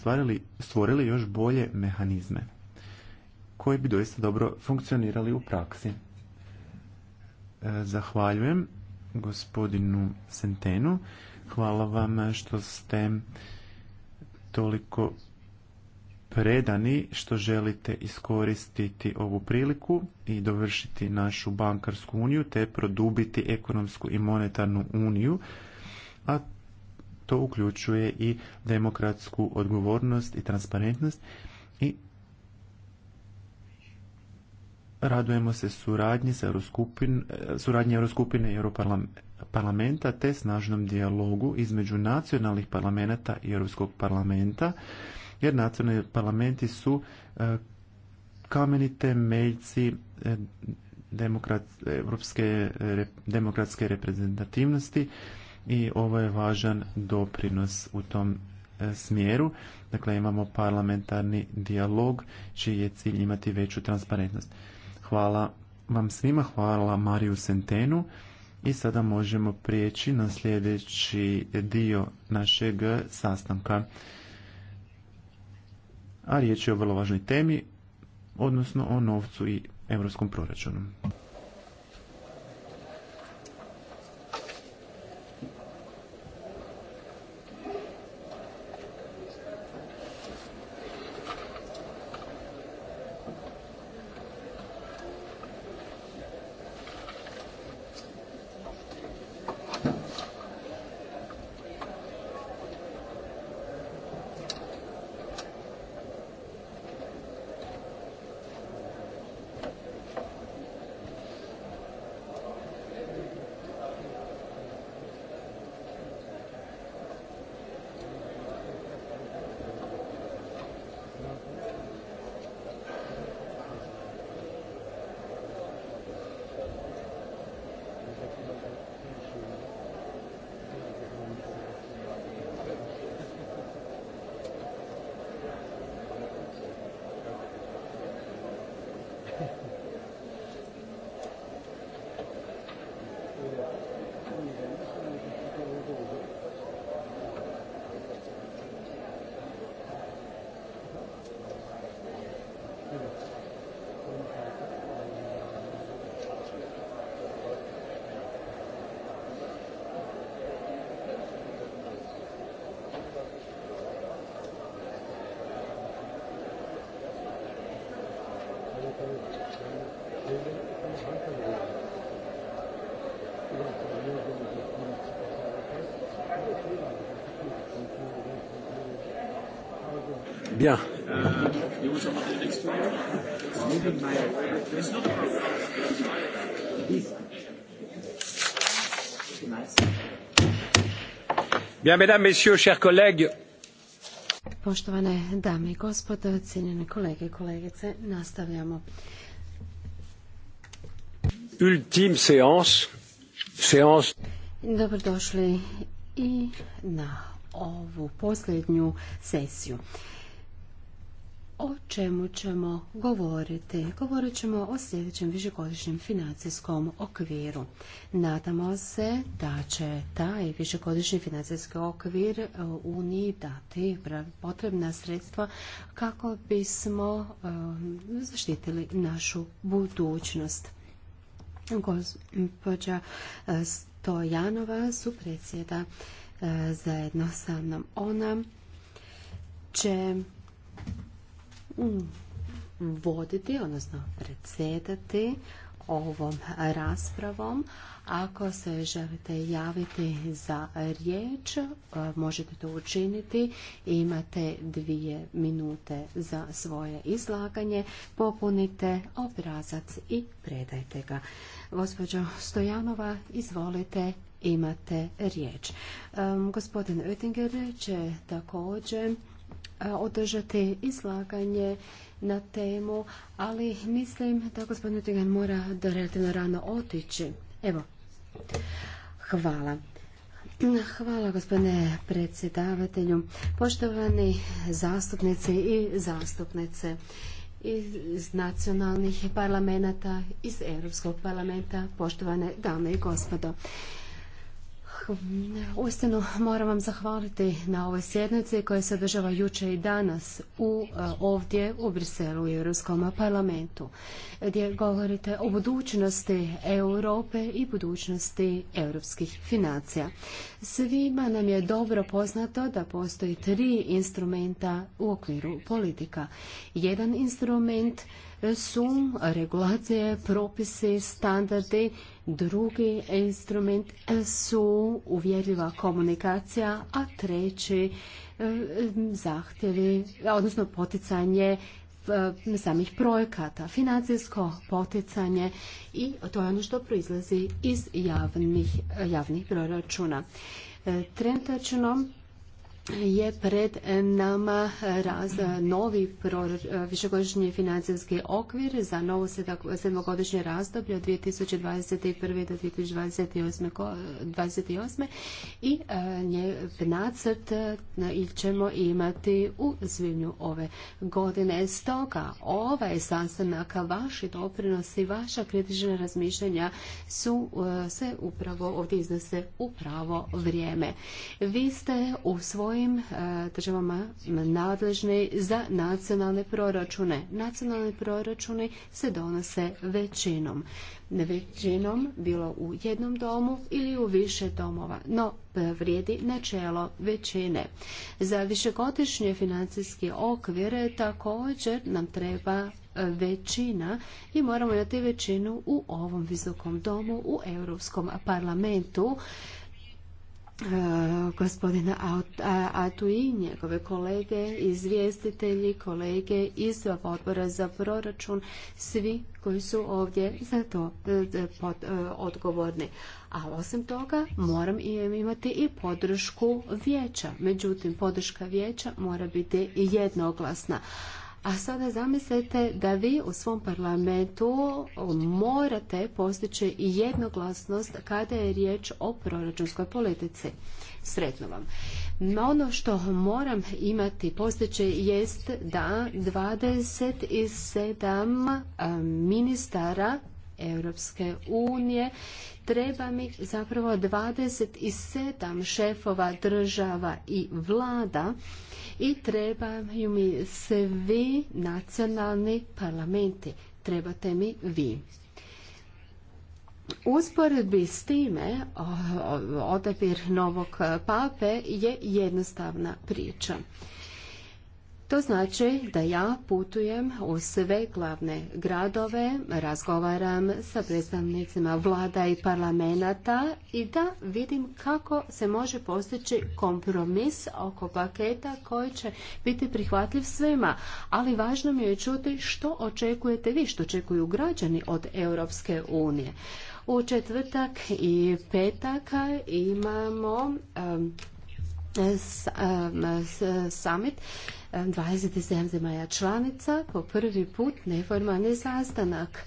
stvorili još bolje mehanizme koji bi doista dobro funkcionirali u praksi. E, zahvaljujem gospodinu Sentenu. Hvala vam što ste toliko predani što želite iskoristiti ovu priliku i dovršiti našu bankarsku uniju te produbiti ekonomsku i monetarnu uniju, a to uključuje i demokratsku odgovornost i transparentnost i radujemo se suradnji sa Euroskupin, suradnje Euroskupine i Europarlamenta te snažnom dijalogu između nacionalnih parlamenta i Europskog parlamenta jer nacionalni parlamenti su e, kameni temeljci e, demokrat, evropske demokratske reprezentativnosti i ovo je važan doprinos u tom e, smjeru. Dakle, imamo parlamentarni dijalog čiji je cilj imati veću transparentnost. Hvala vam svima, hvala Mariju Sentenu i sada možemo prijeći na sljedeći dio našeg sastanka. A riječ je o vrlo važnoj temi, odnosno o novcu i europskom proračunu. mesdames, messieurs, chers collègues. Poštovane dame i gospodo, cijenjene kolege i kolegice, nastavljamo. Ultime Dobrodošli i na ovu posljednju sesiju čemu ćemo govoriti. Govorit ćemo o sljedećem višegodišnjem financijskom okviru. Nadamo se da će taj višegodišnji financijski okvir e, Uniji dati potrebna sredstva kako bismo e, zaštitili našu budućnost. Gospođa e, Stojanova su predsjeda zajedno sa mnom. Ona će voditi, odnosno predsjedati ovom raspravom. Ako se želite javiti za riječ, e, možete to učiniti. Imate dvije minute za svoje izlaganje. Popunite obrazac i predajte ga. Gospođo Stojanova, izvolite, imate riječ. E, gospodin Oettinger će također održati izlaganje na temu, ali mislim da gospodin Tigan mora da relativno rano otići. Evo, hvala. Hvala gospodine predsjedavatelju, poštovani zastupnici i zastupnice iz nacionalnih parlamenta, iz Europskog parlamenta, poštovane dame i gospodo. Uistinu moram vam zahvaliti na ovoj sjednici koja se održava juče i danas u, e, ovdje u Briselu i Europskom parlamentu gdje govorite o budućnosti Europe i budućnosti europskih financija. Svima nam je dobro poznato da postoji tri instrumenta u okviru politika. Jedan instrument su regulacije, propisi, standardi, drugi instrument su uvjerljiva komunikacija, a treći e, zahtjevi, odnosno poticanje e, samih projekata, financijsko poticanje i to je ono što proizlazi iz javnih, proračuna. E, trenutačno je pred nama raz, novi višegodišnji financijski okvir za novo sedmogodišnje razdoblje od 2021. do 2028. i e, nje nacrt ćemo imati u svibnju ove godine. Stoga ovaj sastanak, vaši doprinosi, vaša kritična razmišljanja su e, se upravo ovdje iznose u vrijeme. Vi ste u svoj svojim e, državama nadležni za nacionalne proračune. Nacionalni proračuni se donose većinom. Većinom bilo u jednom domu ili u više domova, no vrijedi načelo većine. Za višegodišnje financijske okvire također nam treba većina i moramo imati većinu u ovom visokom domu u Europskom parlamentu Gospodine gospodina Atui, njegove kolege, izvjestitelji, kolege iz odbora za proračun, svi koji su ovdje za to e, e, e, odgovorni. A osim toga moram imati i podršku vijeća. Međutim, podrška vijeća mora biti jednoglasna. A sada zamislite da vi u svom parlamentu morate postići jednoglasnost kada je riječ o proračunskoj politici. Sretno vam. No ono što moram imati postići jest da 27 ministara Europske unije treba mi zapravo 27 šefova država i vlada i trebaju mi se vi nacionalni parlamenti. Trebate mi vi. Usporedbi s time odabir novog eh, pape je jednostavna priča. To znači da ja putujem u sve glavne gradove, razgovaram sa predstavnicima vlada i parlamenta i da vidim kako se može postići kompromis oko paketa koji će biti prihvatljiv svima. Ali važno mi je čuti što očekujete vi, što očekuju građani od Europske unije. U četvrtak i petak imamo um, s, summit 27 zemalja članica po prvi put neformalni sastanak.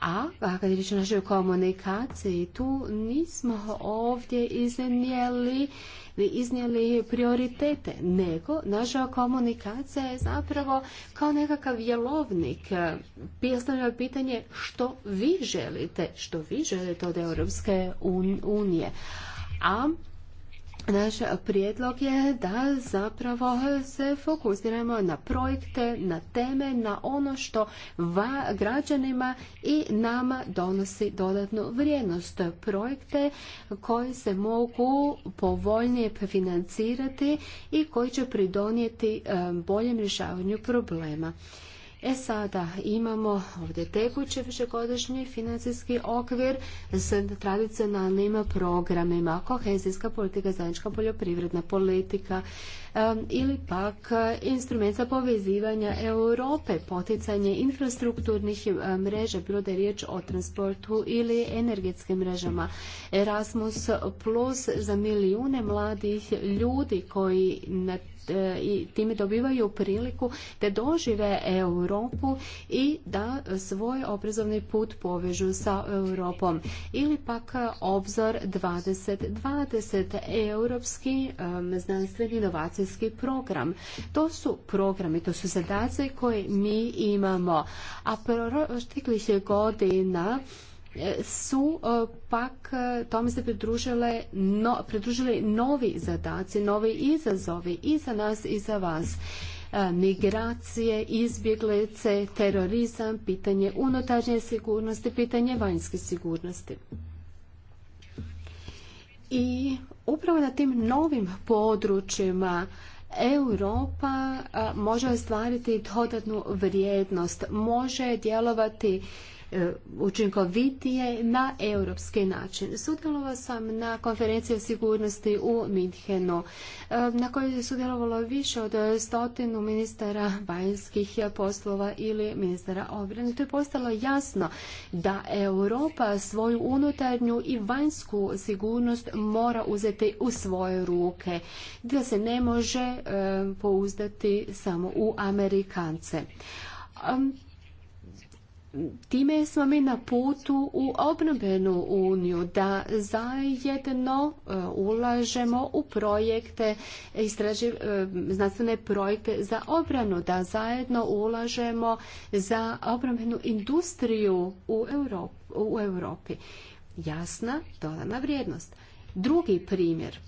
A, kada je riječ o našoj komunikaciji, tu nismo ovdje iznijeli iznijeli prioritete, nego naša komunikacija je zapravo kao nekakav jelovnik. je pitanje što vi želite, što vi želite od Europske unije. A naš prijedlog je da zapravo se fokusiramo na projekte, na teme, na ono što va građanima i nama donosi dodatnu vrijednost. Projekte koji se mogu povoljnije financirati i koji će pridonijeti e, boljem rješavanju problema. E sada imamo ovdje tekući višegodišnji financijski okvir s tradicionalnim programima, kohezijska politika, zajednička poljoprivredna politika ili pak instrument za povezivanja Europe, poticanje infrastrukturnih mreža, bilo da je riječ o transportu ili energetskim mrežama. Erasmus Plus za milijune mladih ljudi koji na E, i time dobivaju priliku da dožive Europu i da svoj obrazovni put povežu sa Europom. Ili pak obzor 2020, europski e, znanstveni inovacijski program. To su programi, to su zadace koje mi imamo. A proteklih godina E, su e, pak e, tome se pridružile, no, pridružili novi zadaci, novi izazovi i za nas i za vas migracije, izbjeglice, terorizam, pitanje unutarnje sigurnosti, pitanje vanjske sigurnosti. I upravo na tim novim područjima Europa može ostvariti dodatnu vrijednost, može djelovati E, učinkovitije na europski način. Sudjelovao sam na konferenciji sigurnosti u Minhenu, e, na kojoj je sudjelovalo više od stotinu ministara vanjskih poslova ili ministara obrane. To je postalo jasno da Europa svoju unutarnju i vanjsku sigurnost mora uzeti u svoje ruke, da se ne može e, pouzdati samo u Amerikance time smo mi na putu u obnovenu uniju, da zajedno e, ulažemo u projekte, e, znanstvene projekte za obranu, da zajedno ulažemo za obrambenu industriju u, u Europi. Jasna dodana vrijednost. Drugi primjer.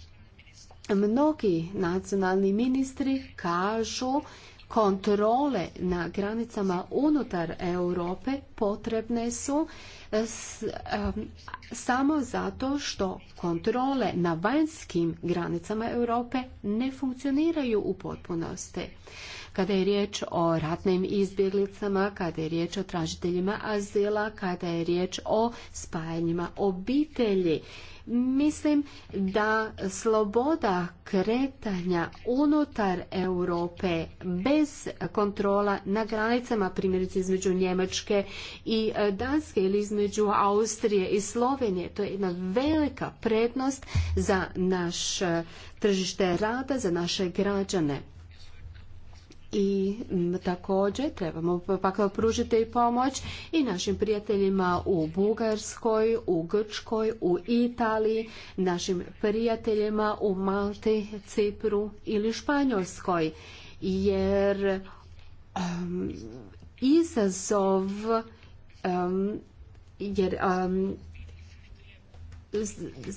Mnogi nacionalni ministri kažu kontrole na granicama unutar Europe potrebne su e, e, samo zato što kontrole na vanjskim granicama Europe ne funkcioniraju u potpunosti. Kada je riječ o ratnim izbjeglicama, kada je riječ o tražiteljima azila, kada je riječ o spajanjima obitelji Mislim da sloboda kretanja unutar Europe bez kontrola na granicama, primjerice između Njemačke i e, Danske ili između Austrije i Slovenije, to je jedna velika prednost za naš e, tržište rada, za naše građane i također trebamo pak pružiti i pomoć i našim prijateljima u Bugarskoj, u Grčkoj, u Italiji, našim prijateljima u Malti, Cipru ili Španjolskoj. Jer izazov um, jer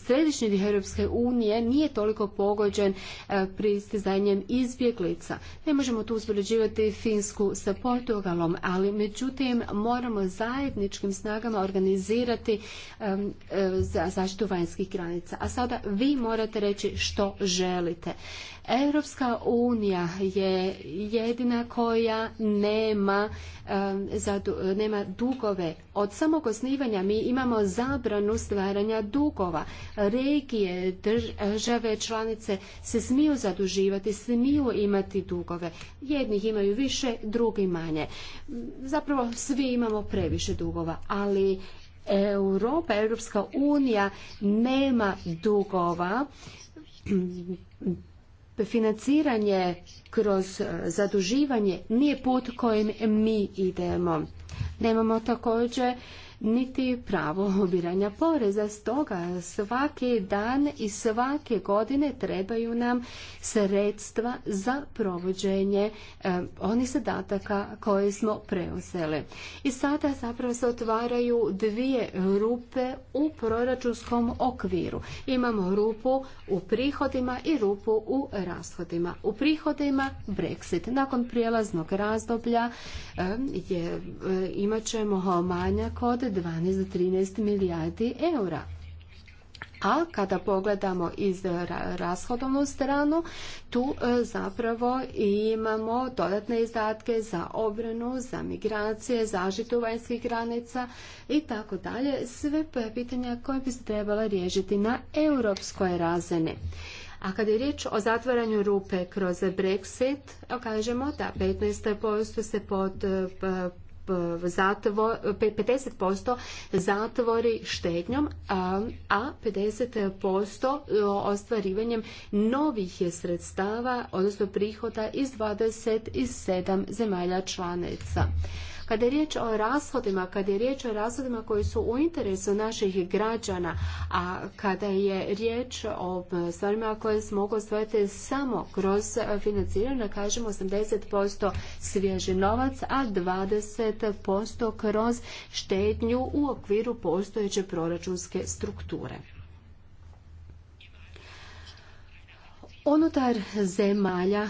Središnji Europske unije nije toliko pogođen e, pristizanjem izbjeglica. Ne možemo tu uspoređivati Finsku sa Portugalom, ali međutim moramo zajedničkim snagama organizirati e, za zaštitu vanjskih granica. A sada vi morate reći što želite. Europska unija je jedina koja nema, nema dugove. Od samog osnivanja mi imamo zabranu stvaranja dugova. Regije, države, članice se smiju zaduživati, smiju imati dugove. Jednih imaju više, drugi manje. Zapravo svi imamo previše dugova, ali Europa, Europska unija nema dugova financiranje kroz e, zaduživanje nije put kojim mi idemo. Nemamo također niti pravo obiranja poreza. Stoga svaki dan i svake godine trebaju nam sredstva za provođenje e, onih zadataka koje smo preuzeli. I sada zapravo se otvaraju dvije rupe u proračunskom okviru. Imamo rupu u prihodima i rupu u rashodima. U prihodima Brexit. Nakon prijelaznog razdoblja e, je, e, imat ćemo manjak od 12 do 13 milijardi eura. A kada pogledamo iz rashodovnu stranu, tu e, zapravo imamo dodatne izdatke za obranu, za migracije, zaštitu vanjskih granica i tako dalje. Sve pitanja koje bi se trebala riješiti na europskoj razini. A kada je riječ o zatvaranju rupe kroz Brexit, kažemo da 15% se pod zatvo, 50% zatvori štednjom, a 50% ostvarivanjem novih sredstava, odnosno prihoda iz 27 zemalja članica. Kada je riječ o rashodima, kada je riječ o rashodima koji su u interesu naših građana, a kada je riječ o stvarima koje se mogu ostvariti samo kroz financiranje, kažemo 80% svježi novac, a 20% kroz štednju u okviru postojeće proračunske strukture. Unutar zemalja, e,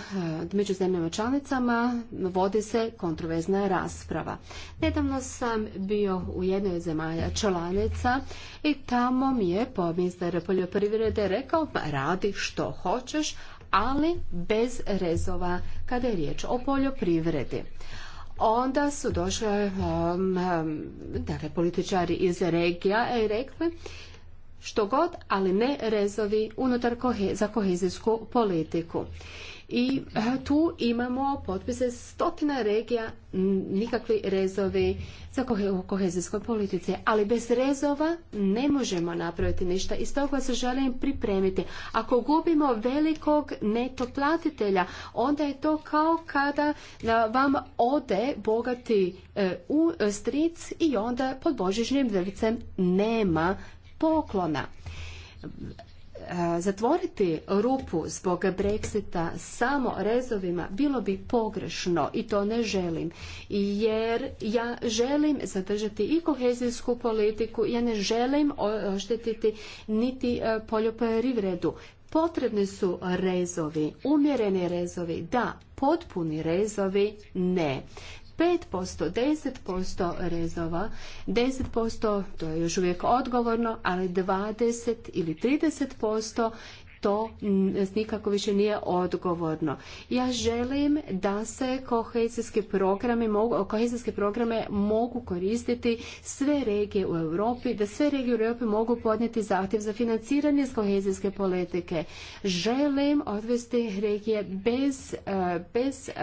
među zemljama članicama, vodi se kontroverzna rasprava. Nedavno sam bio u jednoj zemalja članica i tamo mi je pomisler poljoprivrede rekao pa radi što hoćeš, ali bez rezova kada je riječ o poljoprivredi. Onda su došli um, um, dakle, političari iz regija i rekli što god, ali ne rezovi unutar za kohezijsku politiku. I e, tu imamo potpise stotina regija, nikakvi rezovi za kohezijskoj politici. Ali bez rezova ne možemo napraviti ništa. I stoga se želim pripremiti. Ako gubimo velikog netoplatitelja, onda je to kao kada e, vam ode bogati e, u stric i onda pod božišnjim drvicem nema poklona. Zatvoriti rupu zbog Brexita samo rezovima bilo bi pogrešno i to ne želim jer ja želim zadržati i kohezijsku politiku, ja ne želim oštetiti niti e, poljoprivredu. Potrebni su rezovi, umjereni rezovi, da, potpuni rezovi, ne. 5%, 10% rezova, 10% to je još uvijek odgovorno, ali 20 ili 30% to nikako više nije odgovorno. Ja želim da se kohezijski programe mogu, kohezijske programe mogu koristiti sve regije u Europi, da sve regije u Europi mogu podnijeti zahtjev za financiranje iz kohezijske politike. Želim odvesti regije bez, e, bez e,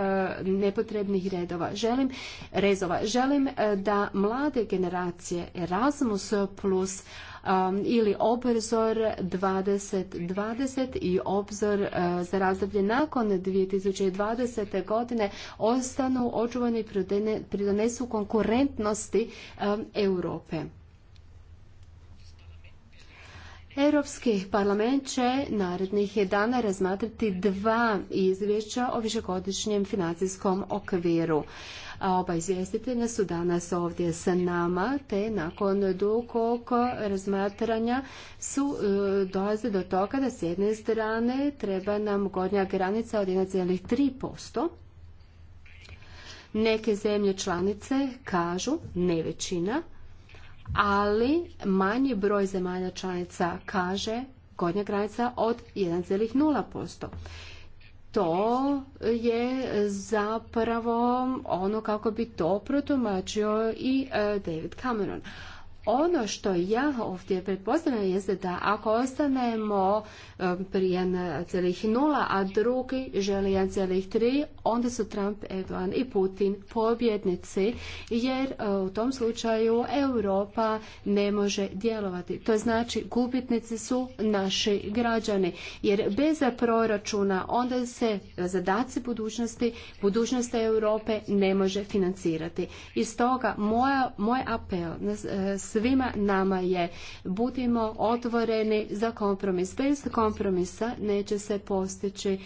nepotrebnih redova. Želim rezova. Želim e, da mlade generacije Erasmus plus ili obzor 2020 i obzor e, za razdoblje nakon 2020. godine ostanu očuvani i pridonesu konkurentnosti Europe. Europski parlament će narednih je dana razmatrati dva izvješća o višegodišnjem financijskom okviru a oba izvjestitelja su danas ovdje sa nama, te nakon dugog razmatranja su e, dolaze do toga da s jedne strane treba nam godnja granica od 1,3%, Neke zemlje članice kažu, ne većina, ali manji broj zemalja članica kaže gornja granica od 1,0% to je zapravo ono kako bi to protumačio i e, David Cameron. Ono što ja ovdje pretpostavljam je da ako ostanemo prije nula a drugi želi 1,3, onda su Trump, Erdogan i Putin pobjednici, jer e, u tom slučaju Europa ne može djelovati. To znači gubitnici su naši građani, jer bez proračuna onda se zadaci budućnosti, budućnost Europe ne može financirati. Iz stoga moja, moj apel na e, svima nama je budimo otvoreni za kompromis. Bez kompromisa neće se postići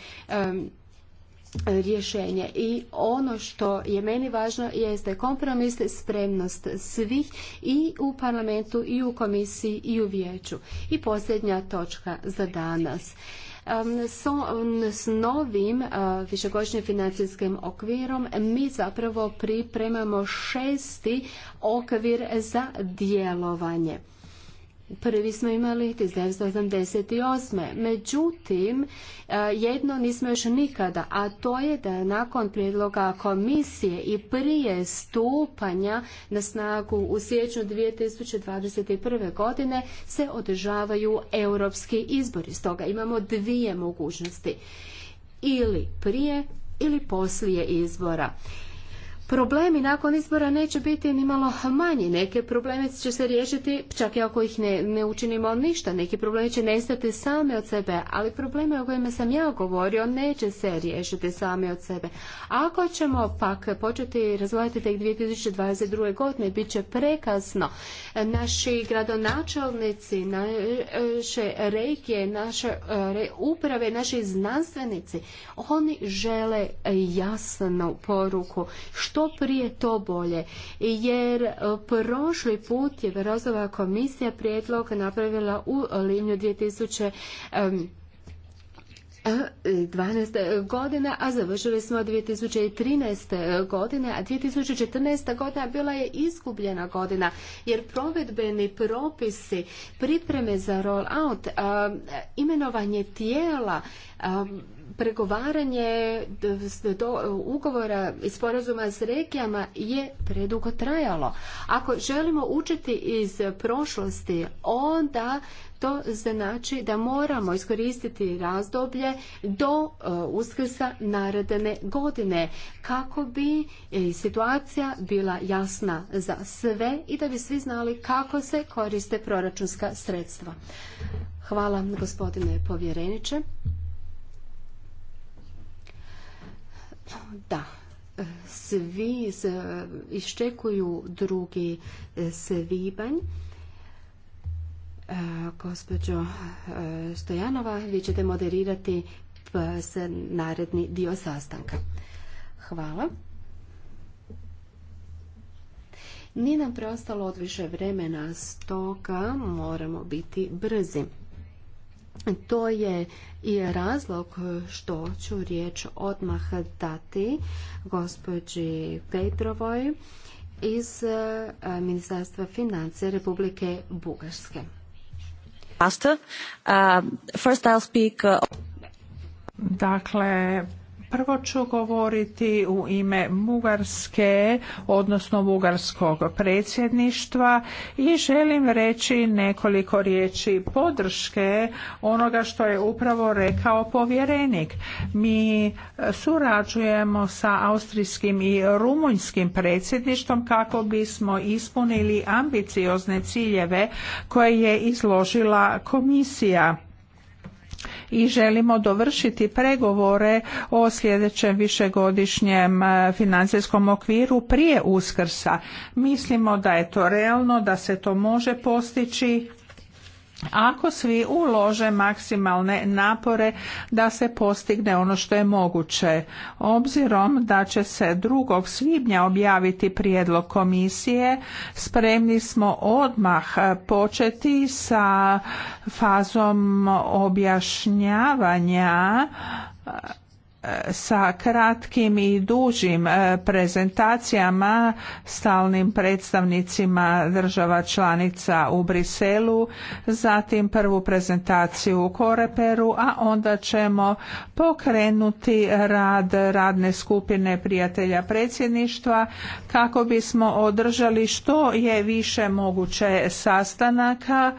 rješenje. I ono što je meni važno jeste kompromis, spremnost svih i u parlamentu, i u komisiji, i u vijeću. I posljednja točka za danas. S novim eh, višegodišnjim financijskim okvirom mi zapravo pripremamo šesti okvir za djelovanje. Prvi smo imali 1988. Međutim, e, jedno nismo još nikada, a to je da nakon prijedloga komisije i prije stupanja na snagu u siječnju 2021. godine se održavaju europski izbori. Stoga imamo dvije mogućnosti. Ili prije ili poslije izbora. Problemi nakon izbora neće biti ni malo manji. Neke probleme će se riješiti, čak i ako ih ne, učinimo ništa. Neki problemi će nestati same od sebe, ali probleme o kojima sam ja govorio neće se riješiti same od sebe. Ako ćemo pak početi razvojati tek 2022. godine, bit će prekasno. Naši gradonačelnici, naše regije, naše uprave, naši znanstvenici, oni žele jasnu poruku što što prije to bolje. Jer e, prošli put je Verozova komisija prijedlog napravila u linju 2000 12 godina, a završili smo 2013. E, godine, a 2014. godina bila je izgubljena godina, jer provedbeni propisi, pripreme za roll out, imenovanje tijela, pregovaranje do ugovora i sporazuma s regijama je predugo trajalo. Ako želimo učiti iz prošlosti, onda to znači da moramo iskoristiti razdoblje do e, uskrsa naredne godine kako bi e, situacija bila jasna za sve i da bi svi znali kako se koriste proračunska sredstva. Hvala gospodine povjereniče. Da, svi iščekuju drugi e, svibanj. E, gospođo e, Stojanova, vi ćete moderirati naredni dio sastanka. Hvala. Nije nam preostalo odviše vremena, stoga moramo biti brzi. To je i razlog što ću riječ odmah dati gospođi Petrovoj iz e, Ministarstva financije Republike Bugarske. Uh, uh, dakle, Prvo ću govoriti u ime bugarske, odnosno bugarskog predsjedništva i želim reći nekoliko riječi podrške onoga što je upravo rekao povjerenik. Mi e, surađujemo sa austrijskim i rumunjskim predsjedništvom kako bismo ispunili ambiciozne ciljeve koje je izložila komisija i želimo dovršiti pregovore o sljedećem višegodišnjem e, financijskom okviru prije Uskrsa. Mislimo da je to realno, da se to može postići ako svi ulože maksimalne napore da se postigne ono što je moguće. Obzirom da će se 2. svibnja objaviti prijedlog komisije, spremni smo odmah početi sa fazom objašnjavanja sa kratkim i dužim e, prezentacijama stalnim predstavnicima država članica u Briselu, zatim prvu prezentaciju u Koreperu, a onda ćemo pokrenuti rad radne skupine prijatelja predsjedništva kako bismo održali što je više moguće sastanaka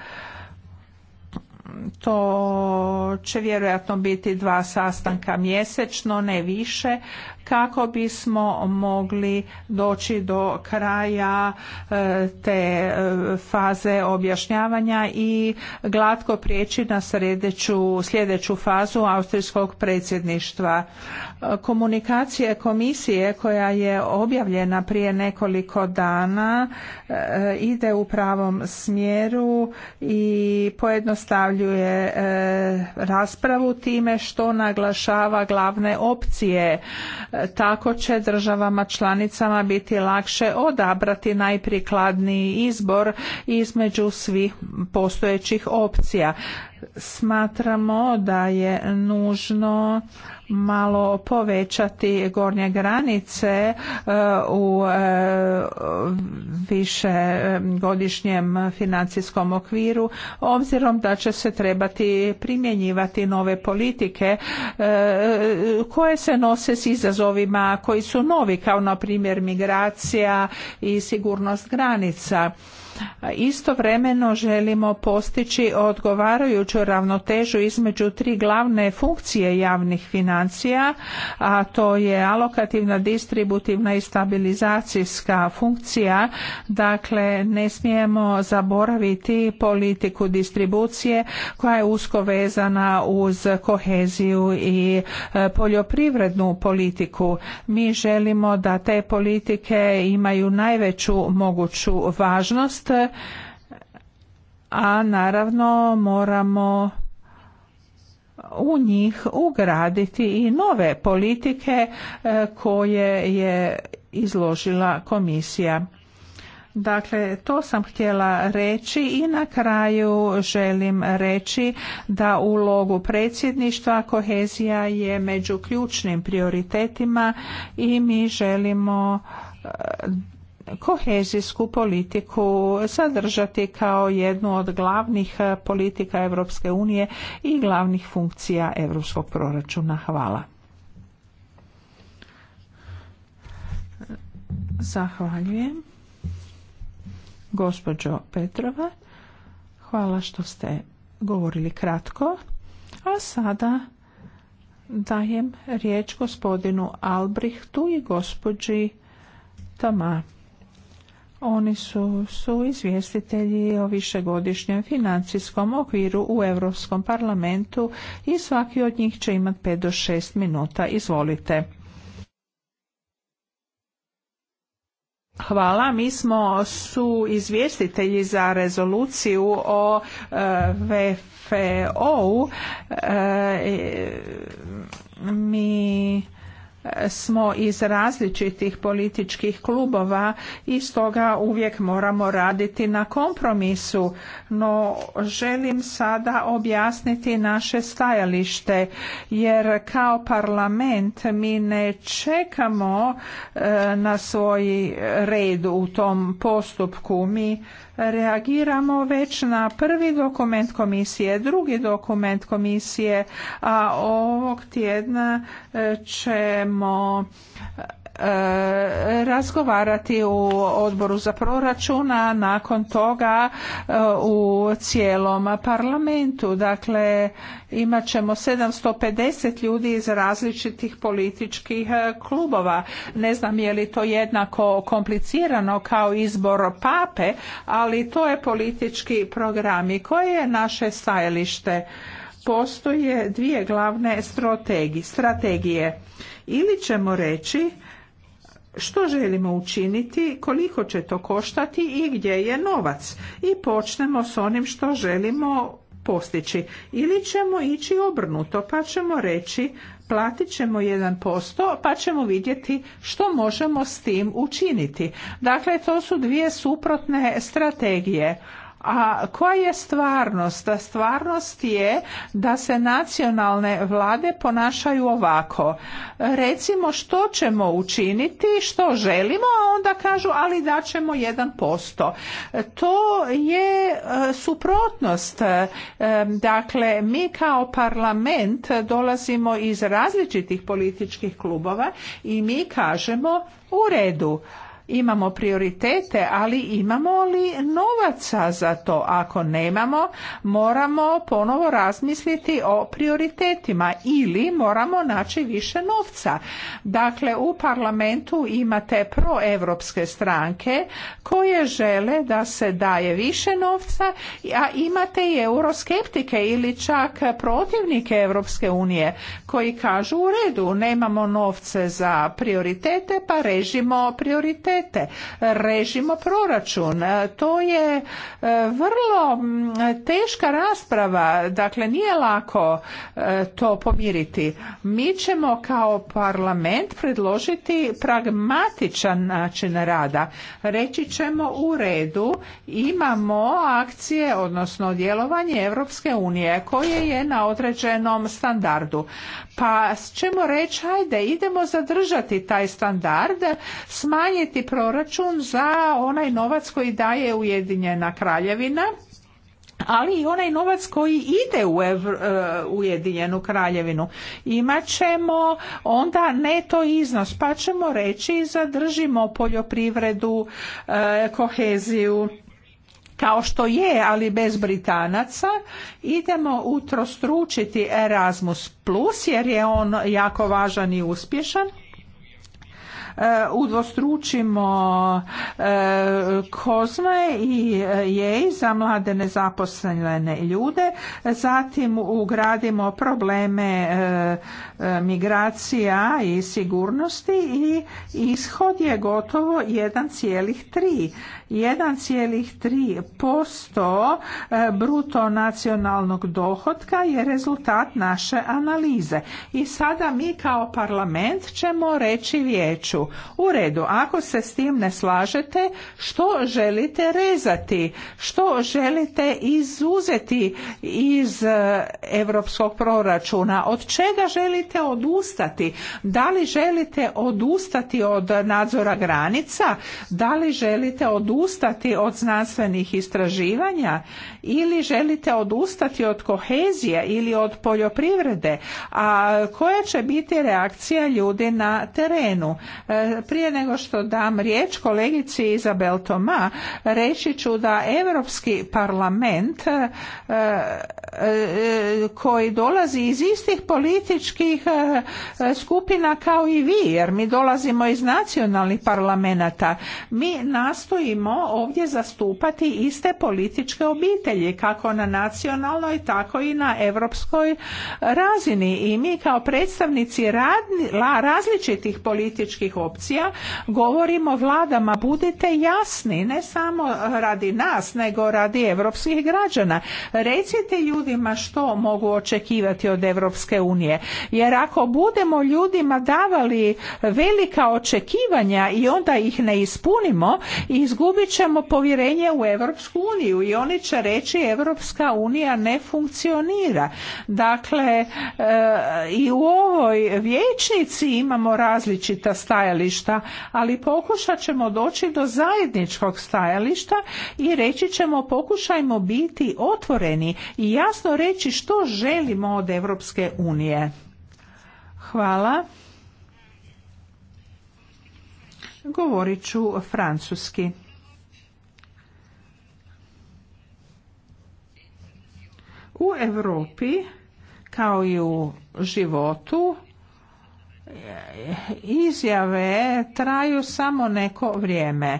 to će vjerojatno biti dva sastanka mjesečno, ne više, kako bismo mogli doći do kraja e, te e, faze objašnjavanja i glatko prijeći na sljedeću, fazu austrijskog predsjedništva komunikacije komisije koja je objavljena prije nekoliko dana e, ide u pravom smjeru i pojednostavljuje e, raspravu time što naglašava glavne opcije. E, tako će državama članicama biti lakše odabrati najprikladniji izbor između svih postojećih opcija. Smatramo da je nužno malo povećati gornje granice e, u e, više godišnjem financijskom okviru obzirom da će se trebati primjenjivati nove politike e, koje se nose s izazovima koji su novi kao na primjer migracija i sigurnost granica Istovremeno želimo postići odgovarajuću ravnotežu između tri glavne funkcije javnih financija, a to je alokativna, distributivna i stabilizacijska funkcija. Dakle, ne smijemo zaboraviti politiku distribucije koja je usko vezana uz koheziju i e, poljoprivrednu politiku. Mi želimo da te politike imaju najveću moguću važnost a naravno moramo u njih ugraditi i nove politike e, koje je izložila komisija. Dakle, to sam htjela reći i na kraju želim reći da ulogu predsjedništva kohezija je među ključnim prioritetima i mi želimo e, kohezijsku politiku sadržati kao jednu od glavnih eh, politika Europske unije i glavnih funkcija europskog proračuna. Hvala. Zahvaljujem. Gospođo Petrova, hvala što ste govorili kratko. A sada dajem riječ gospodinu Albrichtu i gospođi Tama. Oni su, izvjestitelji o višegodišnjem financijskom okviru u Europskom parlamentu i svaki od njih će imati 5 do 6 minuta. Izvolite. Hvala. Mi smo su izvjestitelji za rezoluciju o e, vfo e, e, mi smo iz različitih političkih klubova i stoga uvijek moramo raditi na kompromisu. No želim sada objasniti naše stajalište jer kao parlament mi ne čekamo e, na svoj red u tom postupku. Mi reagiramo već na prvi dokument komisije, drugi dokument komisije, a ovog tjedna e, ćemo E, razgovarati u odboru za proračuna, nakon toga e, u cijelom parlamentu. Dakle, imat ćemo 750 ljudi iz različitih političkih e, klubova. Ne znam je li to jednako komplicirano kao izbor pape, ali to je politički program i koje je naše stajalište postoje dvije glavne strategije. Ili ćemo reći što želimo učiniti, koliko će to koštati i gdje je novac. I počnemo s onim što želimo postići. Ili ćemo ići obrnuto pa ćemo reći platit ćemo 1% pa ćemo vidjeti što možemo s tim učiniti. Dakle, to su dvije suprotne strategije. A koja je stvarnost? Stvarnost je da se nacionalne vlade ponašaju ovako. Recimo što ćemo učiniti, što želimo, a onda kažu ali jedan 1%. To je e, suprotnost. E, dakle, mi kao parlament dolazimo iz različitih političkih klubova i mi kažemo u redu imamo prioritete, ali imamo li novaca za to? Ako nemamo, moramo ponovo razmisliti o prioritetima ili moramo naći više novca. Dakle, u parlamentu imate proevropske stranke koje žele da se daje više novca, a imate i euroskeptike ili čak protivnike Europske unije koji kažu u redu, nemamo novce za prioritete, pa režimo prioritete prioritete, režimo proračun. E, to je e, vrlo teška rasprava, dakle nije lako e, to pomiriti. Mi ćemo kao parlament predložiti pragmatičan način rada. Reći ćemo u redu imamo akcije, odnosno djelovanje Europske unije koje je na određenom standardu. Pa ćemo reći, hajde, idemo zadržati taj standard, smanjiti proračun za onaj novac koji daje Ujedinjena kraljevina ali i onaj novac koji ide u e, Ujedinjenu kraljevinu. Imaćemo onda neto iznos, pa ćemo reći zadržimo poljoprivredu, e, koheziju, kao što je, ali bez Britanaca, idemo utrostručiti Erasmus Plus jer je on jako važan i uspješan E, udvostručimo e, kozme i e, jej za mlade nezaposlene ljude, zatim ugradimo probleme migracija i sigurnosti i ishod je gotovo 1,3. 1,3 posto bruto nacionalnog dohotka je rezultat naše analize. I sada mi kao parlament ćemo reći vijeću u redu, ako se s tim ne slažete, što želite rezati? Što želite izuzeti iz europskog proračuna? Od čega želite odustati? Da li želite odustati od nadzora granica? Da li želite odustati od znanstvenih istraživanja? Ili želite odustati od kohezije ili od poljoprivrede? A koja će biti reakcija ljudi na terenu? E, prije nego što dam riječ kolegici Izabel Toma, reći ću da Europski parlament e, e, koji dolazi iz istih političkih skupina kao i vi, jer mi dolazimo iz nacionalnih parlamenta, mi nastojimo ovdje zastupati iste političke obitelji, kako na nacionalnoj, tako i na europskoj razini. I mi kao predstavnici različitih političkih opcija, govorimo vladama budite jasni, ne samo radi nas, nego radi europskih građana. Recite ljudima što mogu očekivati od Europske unije, jer ako budemo ljudima davali velika očekivanja i onda ih ne ispunimo, izgubit ćemo povjerenje u Europsku uniju i oni će reći Europska unija ne funkcionira. Dakle, e, i u ovoj vječnici imamo različita stajališta stajališta, ali pokušat ćemo doći do zajedničkog stajališta i reći ćemo pokušajmo biti otvoreni i jasno reći što želimo od Europske unije. Hvala. Govorit ću francuski. U Europi kao i u životu izjave traju samo neko vrijeme.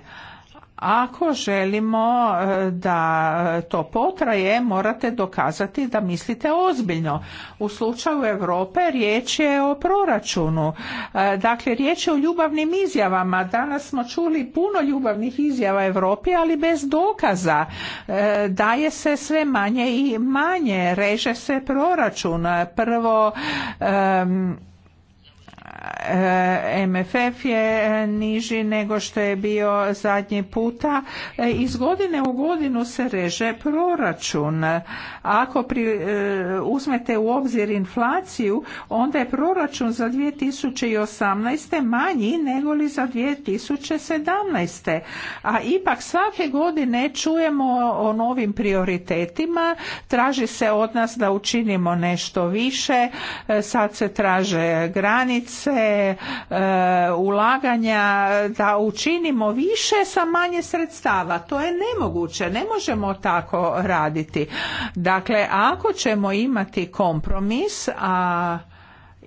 Ako želimo e, da to potraje, morate dokazati da mislite ozbiljno. U slučaju Europe riječ je o proračunu. E, dakle, riječ je o ljubavnim izjavama. Danas smo čuli puno ljubavnih izjava Europi, ali bez dokaza. E, daje se sve manje i manje, reže se proračun. Prvo E, MFF je e, niži nego što je bio zadnji puta. E, iz godine u godinu se reže proračun. Ako uzmete u obzir inflaciju, onda je proračun za 2018. manji nego li za 2017. A ipak svake godine čujemo o novim prioritetima, traži se od nas da učinimo nešto više, sad se traže granice, e, ulaganja e, da učinimo više sa manje sredstava to je nemoguće ne možemo tako raditi dakle ako ćemo imati kompromis a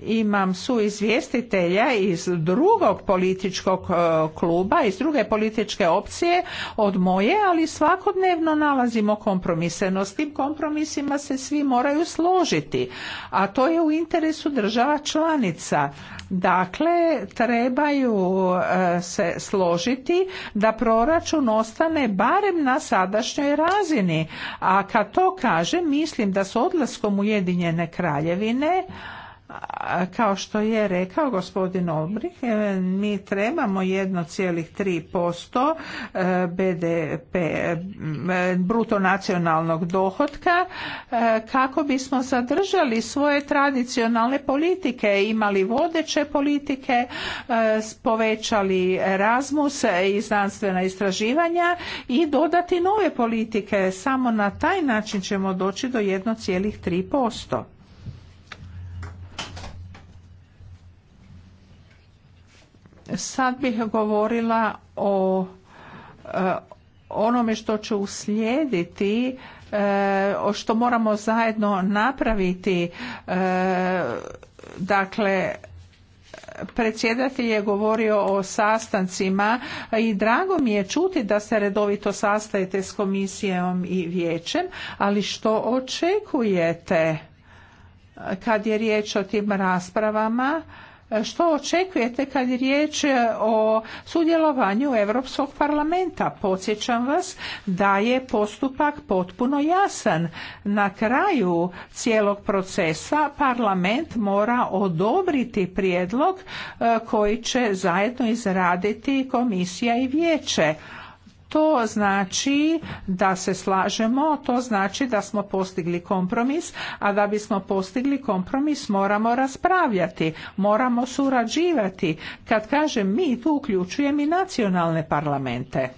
imam su izvjestitelja iz drugog političkog e, kluba, iz druge političke opcije od moje, ali svakodnevno nalazimo kompromise. No s tim kompromisima se svi moraju složiti, a to je u interesu država članica. Dakle, trebaju e, se složiti da proračun ostane barem na sadašnjoj razini. A kad to kažem, mislim da s odlaskom Ujedinjene kraljevine kao što je rekao gospodin Olbrih, e, mi trebamo 1,3% e, BDP, e, bruto nacionalnog dohotka, kako bismo zadržali svoje tradicionalne politike, imali vodeće politike, povećali razmus i znanstvena istraživanja i dodati nove politike. Samo na taj način ćemo doći do 1,3%. Sad bih govorila o e, onome što će uslijediti, e, što moramo zajedno napraviti. E, dakle, predsjedatelj je govorio o sastancima i drago mi je čuti da se redovito sastajete s komisijom i vijećem, ali što očekujete kad je riječ o tim raspravama? što očekujete kad je riječ e, o sudjelovanju Europskog parlamenta? Podsjećam vas da je postupak potpuno jasan. Na kraju cijelog procesa parlament mora odobriti prijedlog e, koji će zajedno izraditi komisija i vijeće to znači da se slažemo, to znači da smo postigli kompromis, a da bismo postigli kompromis moramo raspravljati, moramo surađivati. Kad kažem mi, tu uključujem i nacionalne parlamente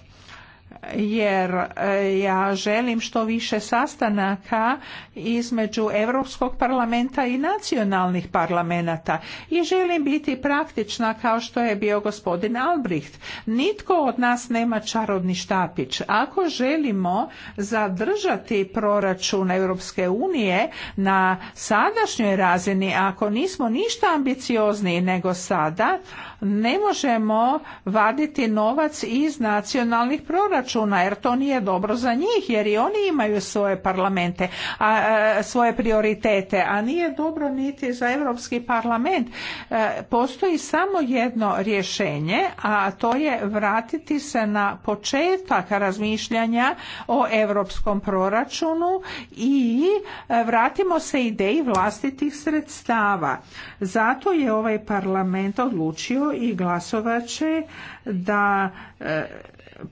jer e, ja želim što više sastanaka između Europskog parlamenta i nacionalnih parlamenata i želim biti praktična kao što je bio gospodin Albrecht. Nitko od nas nema čarobni štapić. Ako želimo zadržati proračun Europske unije na sadašnjoj razini, ako nismo ništa ambiciozniji nego sada, ne možemo vaditi novac iz nacionalnih proračuna jer to nije dobro za njih jer i oni imaju svoje parlamente, a, e, svoje prioritete, a nije dobro niti za Europski parlament. E, postoji samo jedno rješenje, a to je vratiti se na početak razmišljanja o europskom proračunu i e, vratimo se ideji vlastitih sredstava. Zato je ovaj parlament odlučio i glasovat će da e,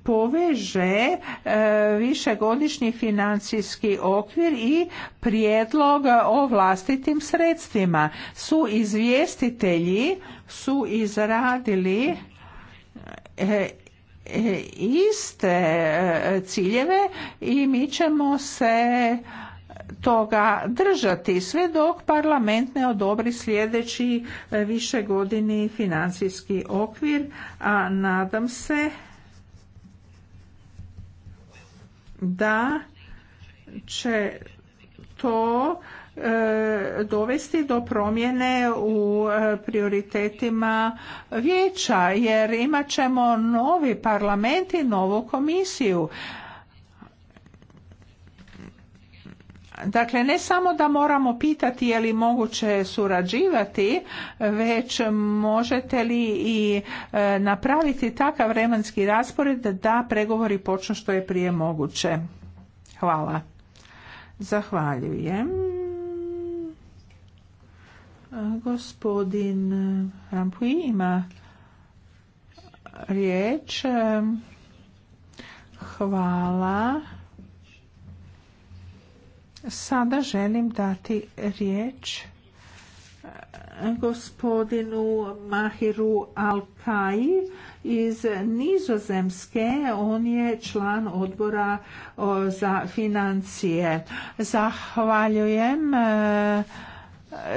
poveže e, višegodišnji financijski okvir i prijedlog o vlastitim sredstvima. Su izvjestitelji su izradili e, iste ciljeve i mi ćemo se toga držati sve dok parlament ne odobri sljedeći e, više godini financijski okvir, a nadam se da će to e, dovesti do promjene u e, prioritetima vijeća jer imat ćemo novi parlament i novu komisiju Dakle, ne samo da moramo pitati je li moguće surađivati, već možete li i e, napraviti takav vremenski raspored da pregovori počnu što je prije moguće. Hvala. Zahvaljujem. Gospodin Rampuji ima riječ. Hvala. Sada želim dati riječ eh, gospodinu Mahiru Alkai iz Nizozemske. On je član odbora eh, za financije. Zahvaljujem eh,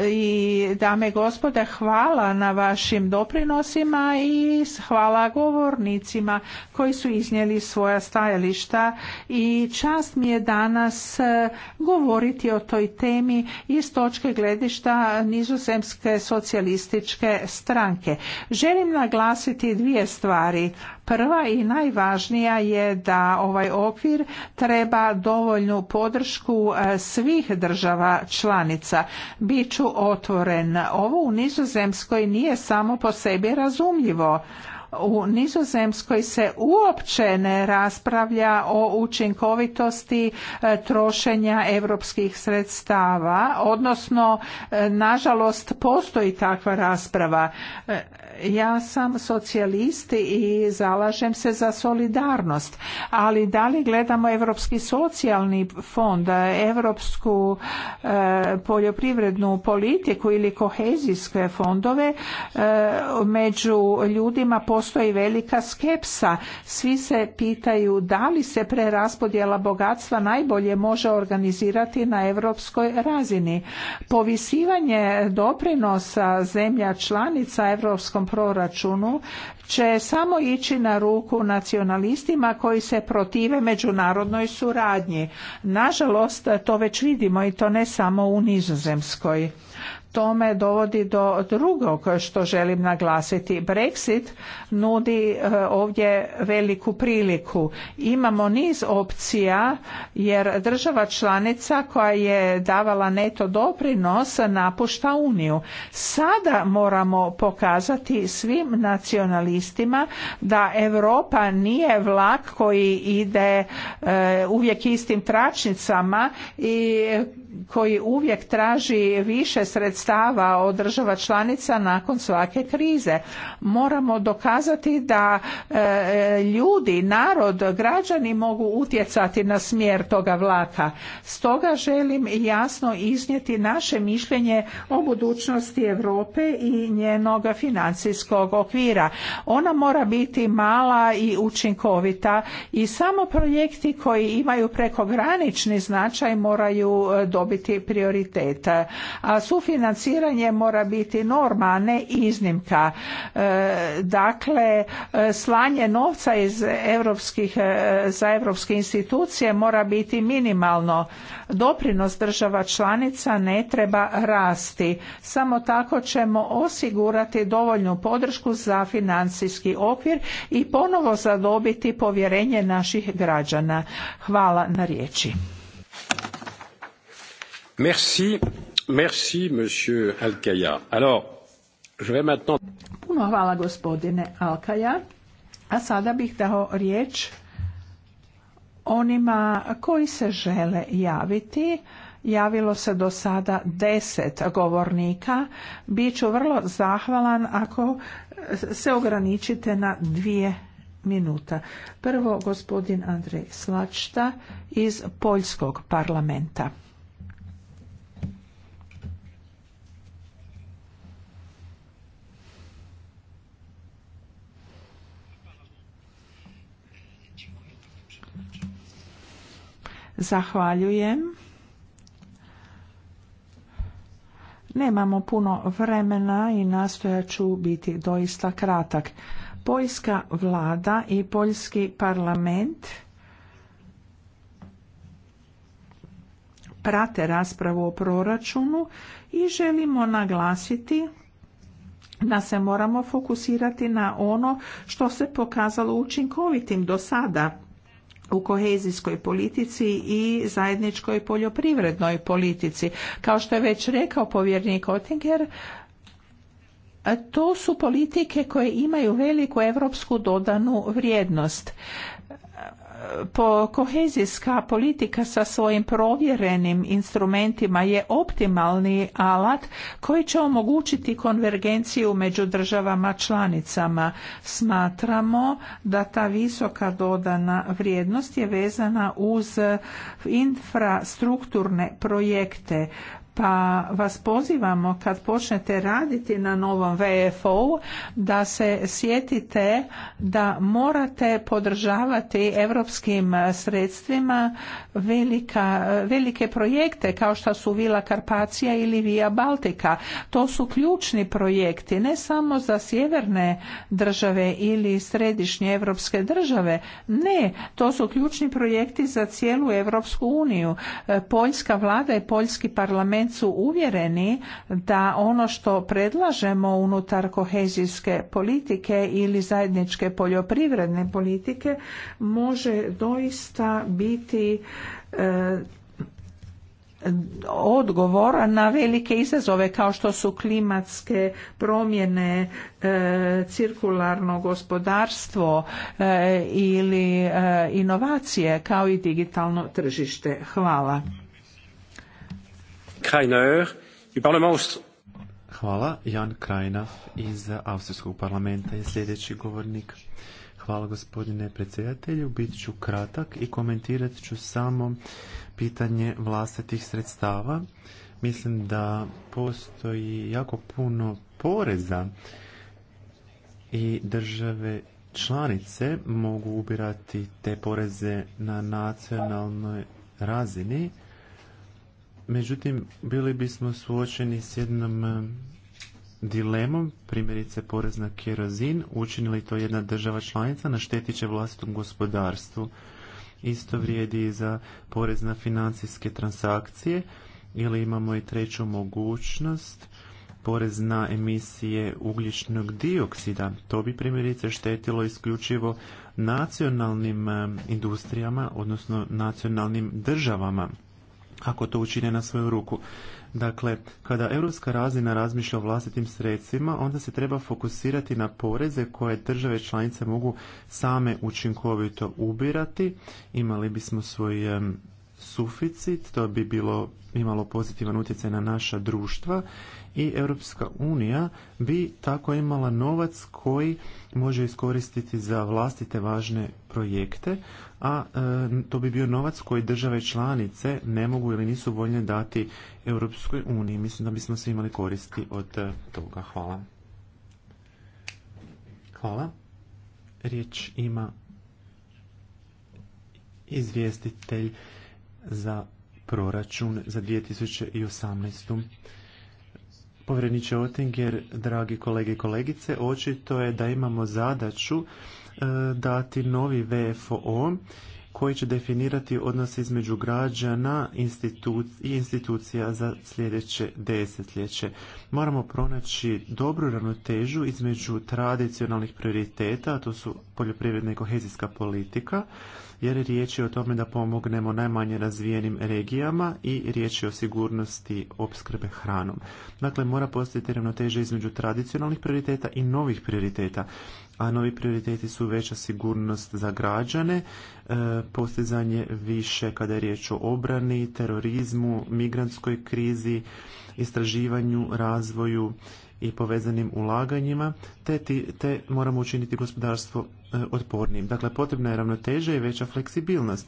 i dame i gospode hvala na vašim doprinosima i hvala govornicima koji su iznijeli svoja stajališta i čast mi je danas e, govoriti o toj temi iz točke gledišta nizozemske socijalističke stranke. Želim naglasiti dvije stvari. Prva i najvažnija je da ovaj okvir treba dovoljnu podršku e, svih država članica. Biću otvoren. Ovo u Nizozemskoj nije samo po sebi razumljivo u nizozemskoj se uopće ne raspravlja o učinkovitosti e, trošenja europskih sredstava odnosno e, nažalost postoji takva rasprava ja sam socijalist i zalažem se za solidarnost, ali da li gledamo Europski socijalni fond, Europsku e, poljoprivrednu politiku ili kohezijske fondove, e, među ljudima postoji velika skepsa. Svi se pitaju da li se preraspodjela bogatstva najbolje može organizirati na europskoj razini. Povisivanje doprinosa zemlja članica evropskom proračunu će samo ići na ruku nacionalistima koji se protive međunarodnoj suradnji. Nažalost, to već vidimo i to ne samo u Nizozemskoj. To me dovodi do drugog što želim naglasiti. Brexit nudi e, ovdje veliku priliku. Imamo niz opcija jer država članica koja je davala neto doprinos napušta Uniju. Sada moramo pokazati svim nacionalistima da Europa nije vlak koji ide e, uvijek istim tračnicama i koji uvijek traži više sredstava od država članica nakon svake krize. Moramo dokazati da e, ljudi, narod, građani mogu utjecati na smjer toga vlaka. Stoga želim jasno iznijeti naše mišljenje o budućnosti Europe i njenog financijskog okvira. Ona mora biti mala i učinkovita i samo projekti koji imaju prekogranični značaj moraju e, dobiti biti prioritet. A sufinanciranje mora biti norma, a ne iznimka. E, dakle, e, slanje novca iz europskih, e, za europske institucije mora biti minimalno. Doprinos država članica ne treba rasti. Samo tako ćemo osigurati dovoljnu podršku za financijski okvir i ponovo zadobiti povjerenje naših građana. Hvala na riječi. Puno hvala gospodine Alkaja. A sada bih dao riječ onima koji se žele javiti. Javilo se do sada deset govornika. Biću vrlo zahvalan ako se ograničite na dvije minuta. Prvo gospodin Andrej Slačta iz Poljskog parlamenta. Zahvaljujem. Nemamo puno vremena i nastojat ću biti doista kratak. Poljska vlada i poljski parlament prate raspravu o proračunu i želimo naglasiti da se moramo fokusirati na ono što se pokazalo učinkovitim do sada u kohezijskoj politici i zajedničkoj poljoprivrednoj politici. Kao što je već rekao povjernik Otinger, to su politike koje imaju veliku europsku dodanu vrijednost kohezijska politika sa svojim provjerenim instrumentima je optimalni alat koji će omogućiti konvergenciju među državama članicama. Smatramo da ta visoka dodana vrijednost je vezana uz infrastrukturne projekte pa vas pozivamo kad počnete raditi na novom VFO da se sjetite da morate podržavati europskim sredstvima velika, velike projekte kao što su Vila Karpacija ili Via Baltika. To su ključni projekti ne samo za sjeverne države ili središnje europske države. Ne, to su ključni projekti za cijelu Europsku uniju. Poljska vlada i poljski parlament su uvjereni da ono što predlažemo unutar kohezijske politike ili zajedničke poljoprivredne politike može doista biti e, odgovor na velike izazove kao što su klimatske promjene, e, cirkularno gospodarstvo e, ili e, inovacije kao i digitalno tržište. Hvala. Hvala. Jan Krajnaf iz Austrijskog parlamenta je sljedeći govornik. Hvala gospodine predsjedatelju. Bit ću kratak i komentirati ću samo pitanje vlastitih sredstava. Mislim da postoji jako puno poreza i države članice mogu ubirati te poreze na nacionalnoj razini Međutim, bili bismo suočeni s jednom e, dilemom, primjerice porez na kerozin, učinili to jedna država članica, naštetit će vlastitom gospodarstvu. Isto vrijedi i za porez na financijske transakcije ili imamo i treću mogućnost, porez na emisije ugljičnog dioksida. To bi primjerice štetilo isključivo nacionalnim e, industrijama, odnosno nacionalnim državama ako to učine na svoju ruku. Dakle, kada europska razina razmišlja o vlastitim sredstvima, onda se treba fokusirati na poreze koje države članice mogu same učinkovito ubirati. Imali bismo svoj suficit, to bi bilo imalo pozitivan utjecaj na naša društva i Europska unija bi tako imala novac koji može iskoristiti za vlastite važne projekte, a e, to bi bio novac koji države članice ne mogu ili nisu voljne dati Europskoj uniji. Mislim da bismo svi imali koristi od e, toga. Hvala. Hvala. Riječ ima izvjestitelj za proračun za 2018. Povredniče Otinger, dragi kolege i kolegice, očito je da imamo zadaću e, dati novi VFO koji će definirati odnose između građana i institucija za sljedeće desetljeće. Moramo pronaći dobru ravnotežu između tradicionalnih prioriteta, a to su poljoprivredna i kohezijska politika, jer je riječ o tome da pomognemo najmanje razvijenim regijama i riječ je o sigurnosti opskrbe hranom. Dakle, mora postojati ravnoteža između tradicionalnih prioriteta i novih prioriteta a novi prioriteti su veća sigurnost za građane, e, postizanje više kada je riječ o obrani, terorizmu, migrantskoj krizi, istraživanju, razvoju i povezanim ulaganjima, te, te moramo učiniti gospodarstvo e, otpornim. Dakle, potrebna je ravnoteža i veća fleksibilnost.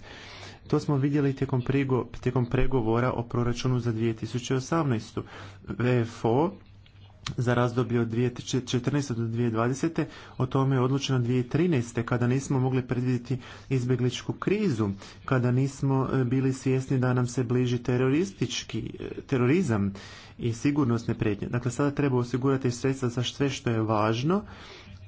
To smo vidjeli tijekom, prigo, tijekom pregovora o proračunu za 2018. VFO za razdoblje od 2014. do 2020. O tome je odlučeno 2013. kada nismo mogli predvidjeti izbjegličku krizu, kada nismo e, bili svjesni da nam se bliži teroristički e, terorizam i sigurnosne prijetnje. Dakle, sada treba osigurati sredstva za sve što je važno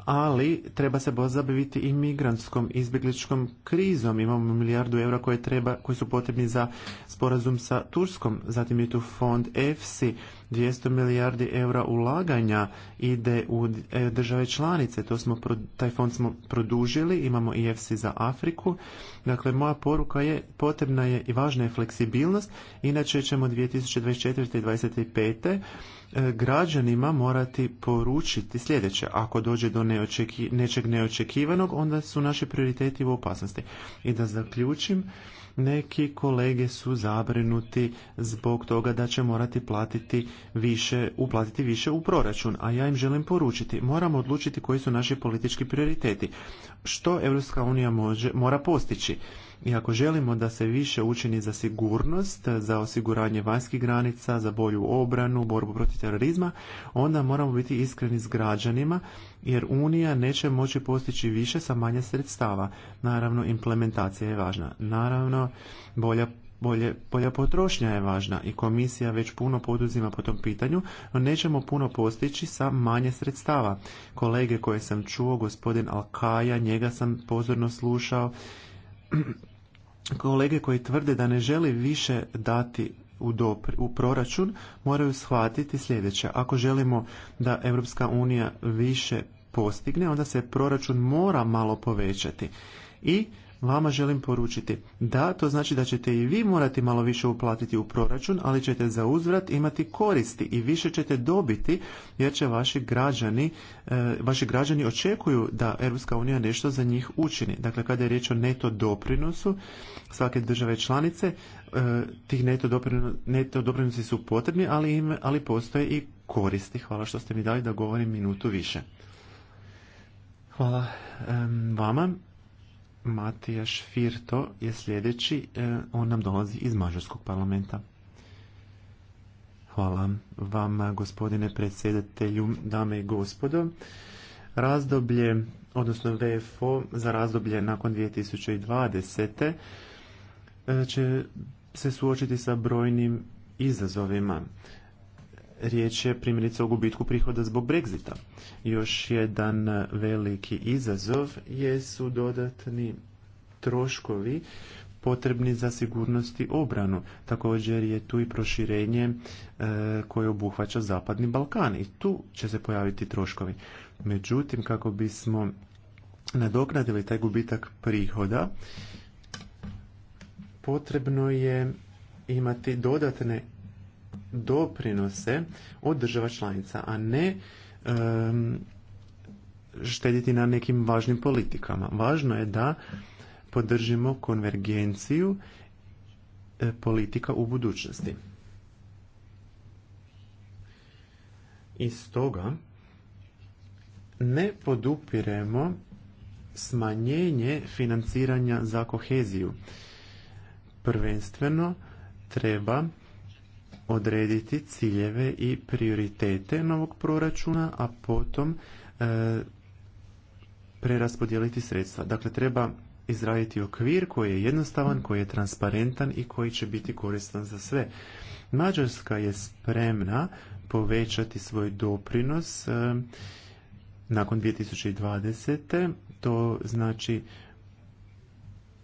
ali treba se pozabaviti i migrantskom izbjegličkom krizom. Imamo milijardu eura koje, treba, koji su potrebni za sporazum sa Turskom. Zatim je tu fond EFSI, 200 milijardi eura ulaganja ide u države članice. To smo, taj fond smo produžili, imamo i EFSI za Afriku. Dakle, moja poruka je potrebna je i važna je fleksibilnost, inače ćemo 2024. i 2025 E, građanima morati poručiti sljedeće. Ako dođe do neočeki, nečeg neočekivanog, onda su naši prioriteti u opasnosti. I da zaključim, neki kolege su zabrinuti zbog toga da će morati platiti više, uplatiti više u proračun, a ja im želim poručiti, moramo odlučiti koji su naši politički prioriteti, što EU može, mora postići. I ako želimo da se više učini za sigurnost, za osiguranje vanjskih granica, za bolju obranu, borbu protiv terorizma, onda moramo biti iskreni s građanima jer Unija neće moći postići više sa manje sredstava. Naravno, implementacija je važna. Naravno, bolja bolje, bolja potrošnja je važna i komisija već puno poduzima po tom pitanju, no nećemo puno postići sa manje sredstava. Kolege koje sam čuo, gospodin Alkaja, njega sam pozorno slušao, kolege koji tvrde da ne želi više dati u, u proračun moraju shvatiti sljedeće. Ako želimo da Europska unija više postigne, onda se proračun mora malo povećati. I vama želim poručiti. Da, to znači da ćete i vi morati malo više uplatiti u proračun, ali ćete za uzvrat imati koristi i više ćete dobiti jer će vaši građani, e, vaši građani očekuju da Europska unija nešto za njih učini. Dakle, kada je riječ o neto doprinosu svake države članice, e, tih neto, doprinosi su potrebni, ali, im, ali postoje i koristi. Hvala što ste mi dali da govorim minutu više. Hvala vama. Matija Firto je sljedeći, e, on nam dolazi iz Mađarskog parlamenta. Hvala vam, gospodine predsjedatelju, dame i gospodo. Razdoblje, odnosno VFO za razdoblje nakon 2020. E, će se suočiti sa brojnim izazovima. Riječ je primjerice o gubitku prihoda zbog Brexita. Još jedan veliki izazov jesu dodatni troškovi potrebni za sigurnost i obranu. Također je tu i proširenje e, koje obuhvaća Zapadni Balkan i tu će se pojaviti troškovi. Međutim, kako bismo nadoknadili taj gubitak prihoda, potrebno je imati dodatne doprinose od država članica, a ne štediti na nekim važnim politikama. Važno je da podržimo konvergenciju e, politika u budućnosti. I stoga ne podupiremo smanjenje financiranja za koheziju. Prvenstveno treba odrediti ciljeve i prioritete novog proračuna, a potom e, preraspodijeliti sredstva. Dakle, treba izraditi okvir koji je jednostavan, koji je transparentan i koji će biti koristan za sve. Mađarska je spremna povećati svoj doprinos e, nakon 2020. To znači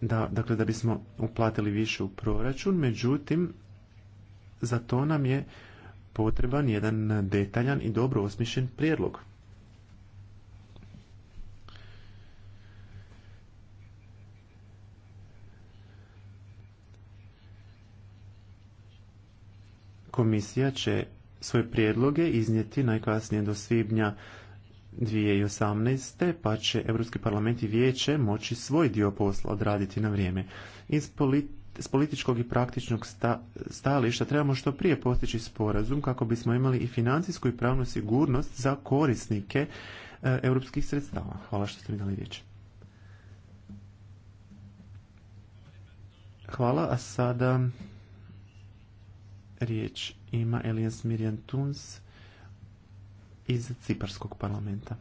da, dakle, da bismo uplatili više u proračun, međutim, za to nam je potreban jedan detaljan i dobro osmišljen prijedlog. Komisija će svoje prijedloge iznijeti najkasnije do svibnja 2018. pa će Europski parlament i vijeće moći svoj dio posla odraditi na vrijeme. Iz s političkog i praktičnog stajališta trebamo što prije postići sporazum kako bismo imali i financijsku i pravnu sigurnost za korisnike e, europskih sredstava. Hvala što ste mi dali riječ. Hvala, a sada riječ ima Elias Mirjan Tuns iz Ciparskog parlamenta.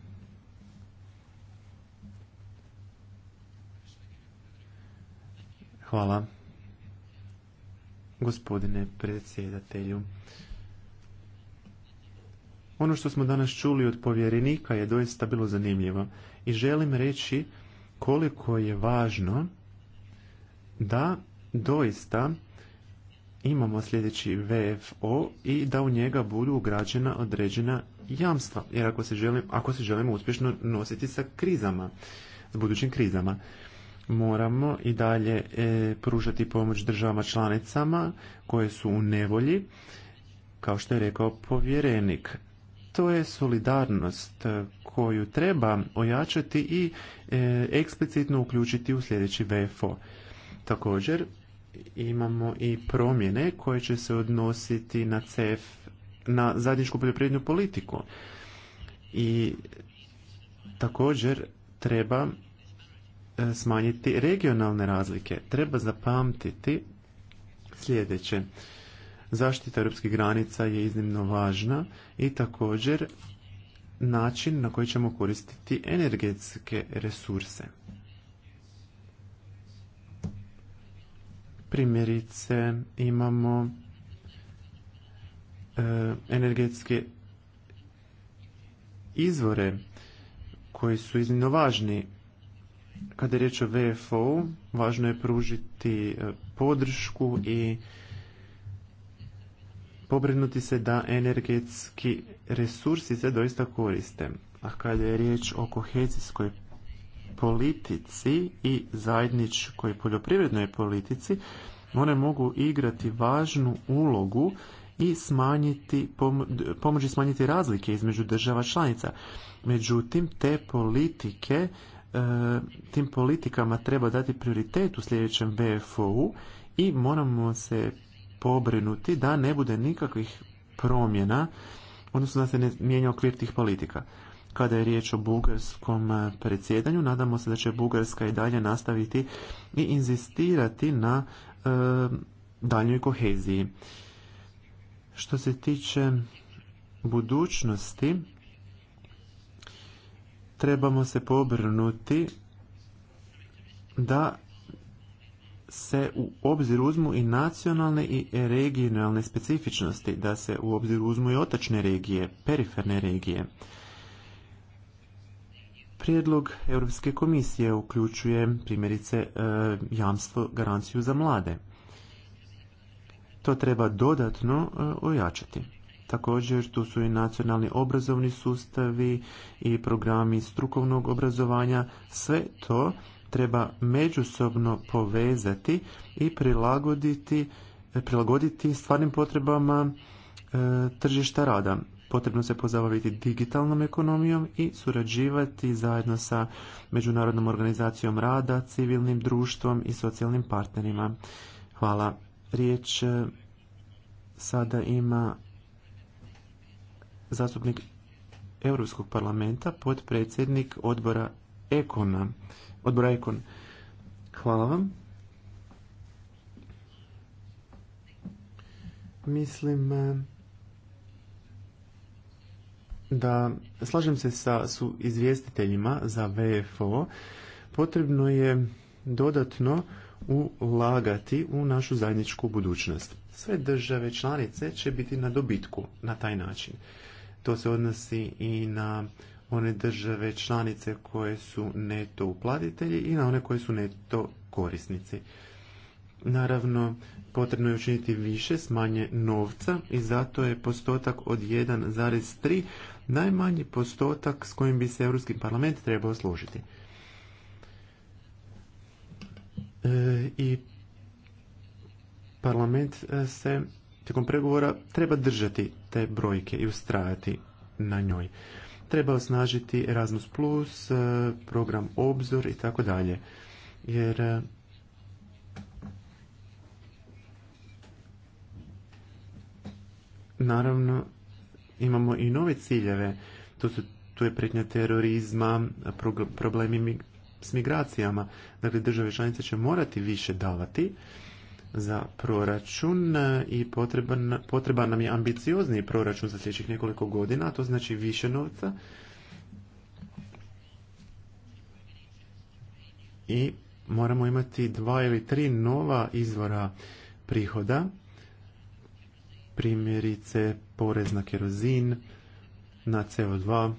Hvala gospodine predsjedatelju. Ono što smo danas čuli od povjerenika je doista bilo zanimljivo i želim reći koliko je važno da doista imamo sljedeći VFO i da u njega budu ugrađena određena jamstva. Jer ako se želimo, uspješno nositi sa krizama, s budućim krizama moramo i dalje e, pružati pomoć državama članicama koje su u nevolji, kao što je rekao povjerenik. To je solidarnost koju treba ojačati i e, eksplicitno uključiti u sljedeći VFO. Također imamo i promjene koje će se odnositi na CEF, na zajedničku poljoprivrednu politiku. I također treba E, smanjiti regionalne razlike. Treba zapamtiti sljedeće. Zaštita europskih granica je iznimno važna i također način na koji ćemo koristiti energetske resurse. Primjerice imamo e, energetske izvore koji su iznimno važni kada je riječ o VFO, važno je pružiti e, podršku i pobrinuti se da energetski resursi se doista koriste. A kada je riječ o kohezijskoj politici i zajedničkoj poljoprivrednoj politici, one mogu igrati važnu ulogu i smanjiti, pomoći smanjiti razlike između država članica. Međutim, te politike E, tim politikama treba dati prioritet u sljedećem BFO-u i moramo se pobrinuti da ne bude nikakvih promjena, odnosno da se ne mijenja okvir tih politika. Kada je riječ o bugarskom e, predsjedanju, nadamo se da će Bugarska i dalje nastaviti i inzistirati na e, daljnjoj koheziji. Što se tiče budućnosti, trebamo se pobrnuti da se u obzir uzmu i nacionalne i regionalne specifičnosti, da se u obzir uzmu i otačne regije, periferne regije. Prijedlog Europske komisije uključuje primjerice e, jamstvo garanciju za mlade. To treba dodatno e, ojačati. Također tu su i nacionalni obrazovni sustavi i programi strukovnog obrazovanja. Sve to treba međusobno povezati i prilagoditi, prilagoditi stvarnim potrebama e, tržišta rada. Potrebno se pozabaviti digitalnom ekonomijom i surađivati zajedno sa Međunarodnom organizacijom rada, civilnim društvom i socijalnim partnerima. Hvala. Riječ e, sada ima zastupnik Europskog parlamenta, potpredsjednik odbora Ekona, odbora Ekon. Hvala vam. Mislim eh, da slažem se sa su izvjestiteljima za VFO. Potrebno je dodatno ulagati u našu zajedničku budućnost. Sve države članice će biti na dobitku na taj način. To se odnosi i na one države članice koje su neto uplatitelji i na one koje su neto korisnici. Naravno, potrebno je učiniti više s manje novca i zato je postotak od 1,3 najmanji postotak s kojim bi se Europski parlament trebao složiti. E, I parlament se tijekom pregovora treba držati te brojke i ustrajati na njoj. Treba osnažiti Erasmus+, e, program Obzor i tako dalje. Jer e, naravno imamo i nove ciljeve. To su, tu je pretnja terorizma, problemi s migracijama. Dakle, države članice će morati više davati za proračun e, i potreban, nam je ambiciozni proračun za sljedećih nekoliko godina, a to znači više novca. I moramo imati dva ili tri nova izvora prihoda, primjerice porez na kerozin, na CO2,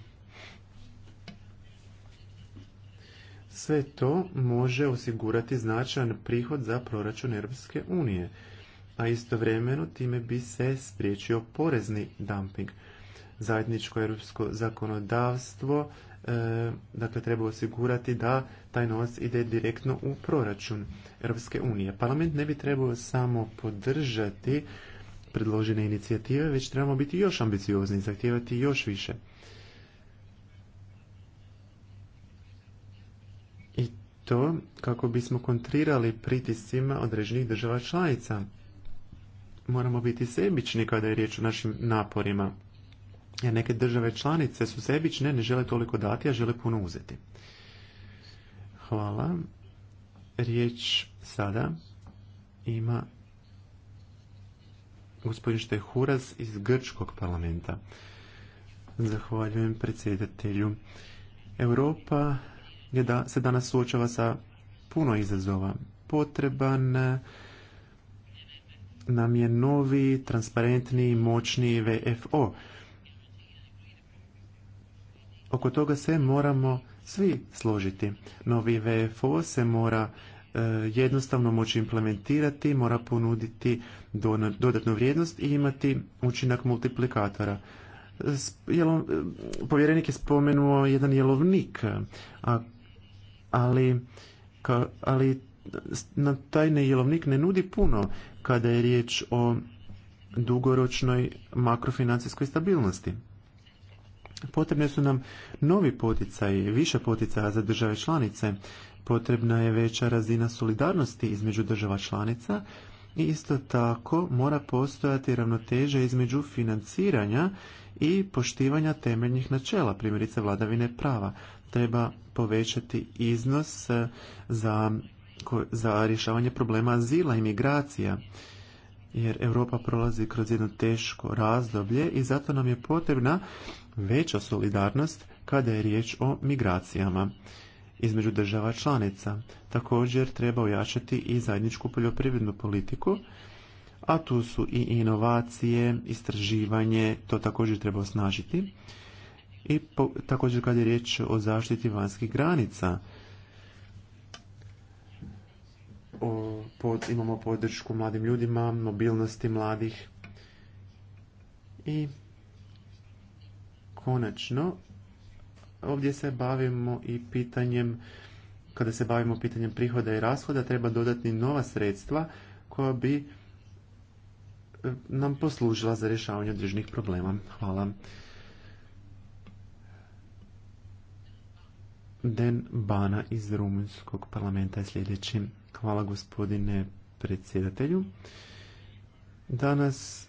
Sve to može osigurati značajan prihod za proračun Europske unije, a istovremeno time bi se spriječio porezni dumping. Zajedničko europsko zakonodavstvo e, dakle treba osigurati da taj novac ide direktno u proračun Europske unije. Parlament ne bi trebao samo podržati predložene inicijative, već trebamo biti još ambiciozni, zahtijevati još više. to kako bismo kontrirali pritiscima određenih država članica. Moramo biti sebični kada je riječ o našim naporima. Jer neke države članice su sebične, ne žele toliko dati, a žele puno uzeti. Hvala. Riječ sada ima gospodin Štehuras iz Grčkog parlamenta. Zahvaljujem predsjedatelju. Europa je da se danas suočava sa puno izazova. Potreban e, nam je novi, transparentni, moćni VFO. Oko toga se moramo svi složiti. Novi VFO se mora e, jednostavno moći implementirati, mora ponuditi dodatnu vrijednost i imati učinak multiplikatora. E, povjerenik je spomenuo jedan jelovnik. A ali, ka, ali na taj ne nudi puno kada je riječ o dugoročnoj makrofinancijskoj stabilnosti. Potrebne su nam novi poticaji, više poticaja za države članice, potrebna je veća razina solidarnosti između država članica i isto tako mora postojati ravnoteža između financiranja i poštivanja temeljnih načela, primjerice vladavine prava treba povećati iznos e, za, za rješavanje problema azila i migracija jer Europa prolazi kroz jedno teško razdoblje i zato nam je potrebna veća solidarnost kada je riječ o migracijama između država članica. Također treba ojačati i zajedničku poljoprivrednu politiku, a tu su i inovacije, istraživanje, to također treba osnažiti i također kad je riječ o zaštiti vanjskih granica. O, imamo podršku mladim ljudima, mobilnosti mladih i konačno ovdje se bavimo i pitanjem kada se bavimo pitanjem prihoda i rashoda treba dodati nova sredstva koja bi e, nam poslužila za rješavanje određenih problema. Hvala. Den Bana iz Rumunjskog parlamenta je sljedeći. Hvala gospodine predsjedatelju. Danas,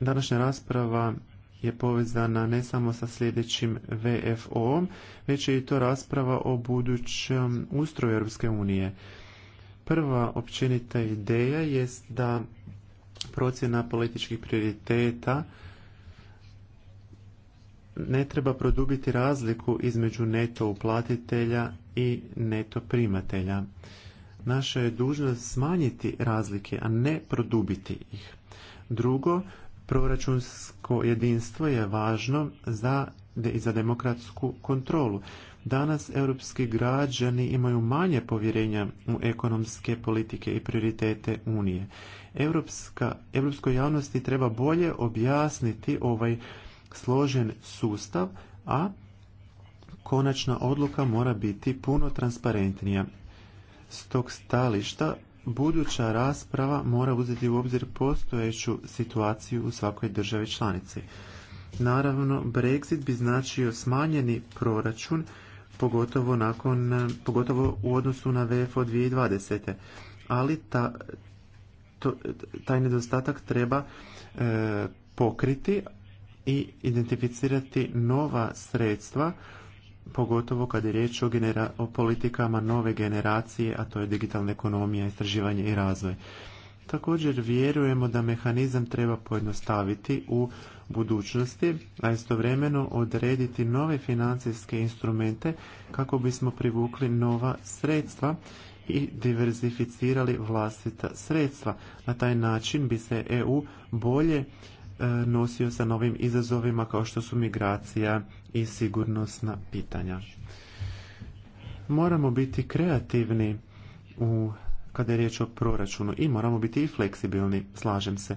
današnja rasprava je povezana ne samo sa sljedećim VFO-om, već je i to rasprava o budućem ustroju Europske unije. Prva općenita ideja jest da procjena političkih prioriteta ne treba produbiti razliku između neto uplatitelja i neto primatelja. Naša je dužnost smanjiti razlike, a ne produbiti ih. Drugo, proračunsko jedinstvo je važno za, za demokratsku kontrolu. Danas europski građani imaju manje povjerenja u ekonomske politike i prioritete Unije. Europska, europskoj javnosti treba bolje objasniti ovaj složen sustav, a konačna odluka mora biti puno transparentnija. S tog stališta buduća rasprava mora uzeti u obzir postojeću situaciju u svakoj državi članici. Naravno, Brexit bi značio smanjeni proračun, pogotovo, nakon, pogotovo u odnosu na VFO 2020. Ali ta, to, taj nedostatak treba e, pokriti, i identificirati nova sredstva, pogotovo kad je riječ o, genera politikama nove generacije, a to je digitalna ekonomija, istraživanje i razvoj. Također vjerujemo da mehanizam treba pojednostaviti u budućnosti, a istovremeno odrediti nove financijske instrumente kako bismo privukli nova sredstva i diverzificirali vlastita sredstva. Na taj način bi se EU bolje E, nosio sa novim izazovima kao što su migracija i sigurnosna pitanja. Moramo biti kreativni u kada je riječ o proračunu i moramo biti i fleksibilni, slažem se.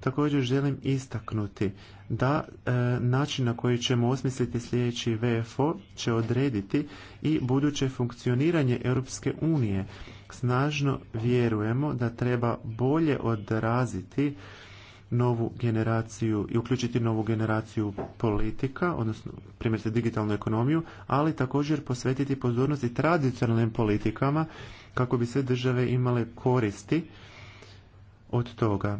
Također želim istaknuti da e, način na koji ćemo osmisliti sljedeći VFO će odrediti i buduće funkcioniranje Europske unije. Snažno vjerujemo da treba bolje odraziti novu generaciju i uključiti novu generaciju politika, odnosno primjerice digitalnu ekonomiju, ali također posvetiti pozornosti tradicionalnim politikama kako bi sve države imale koristi od toga.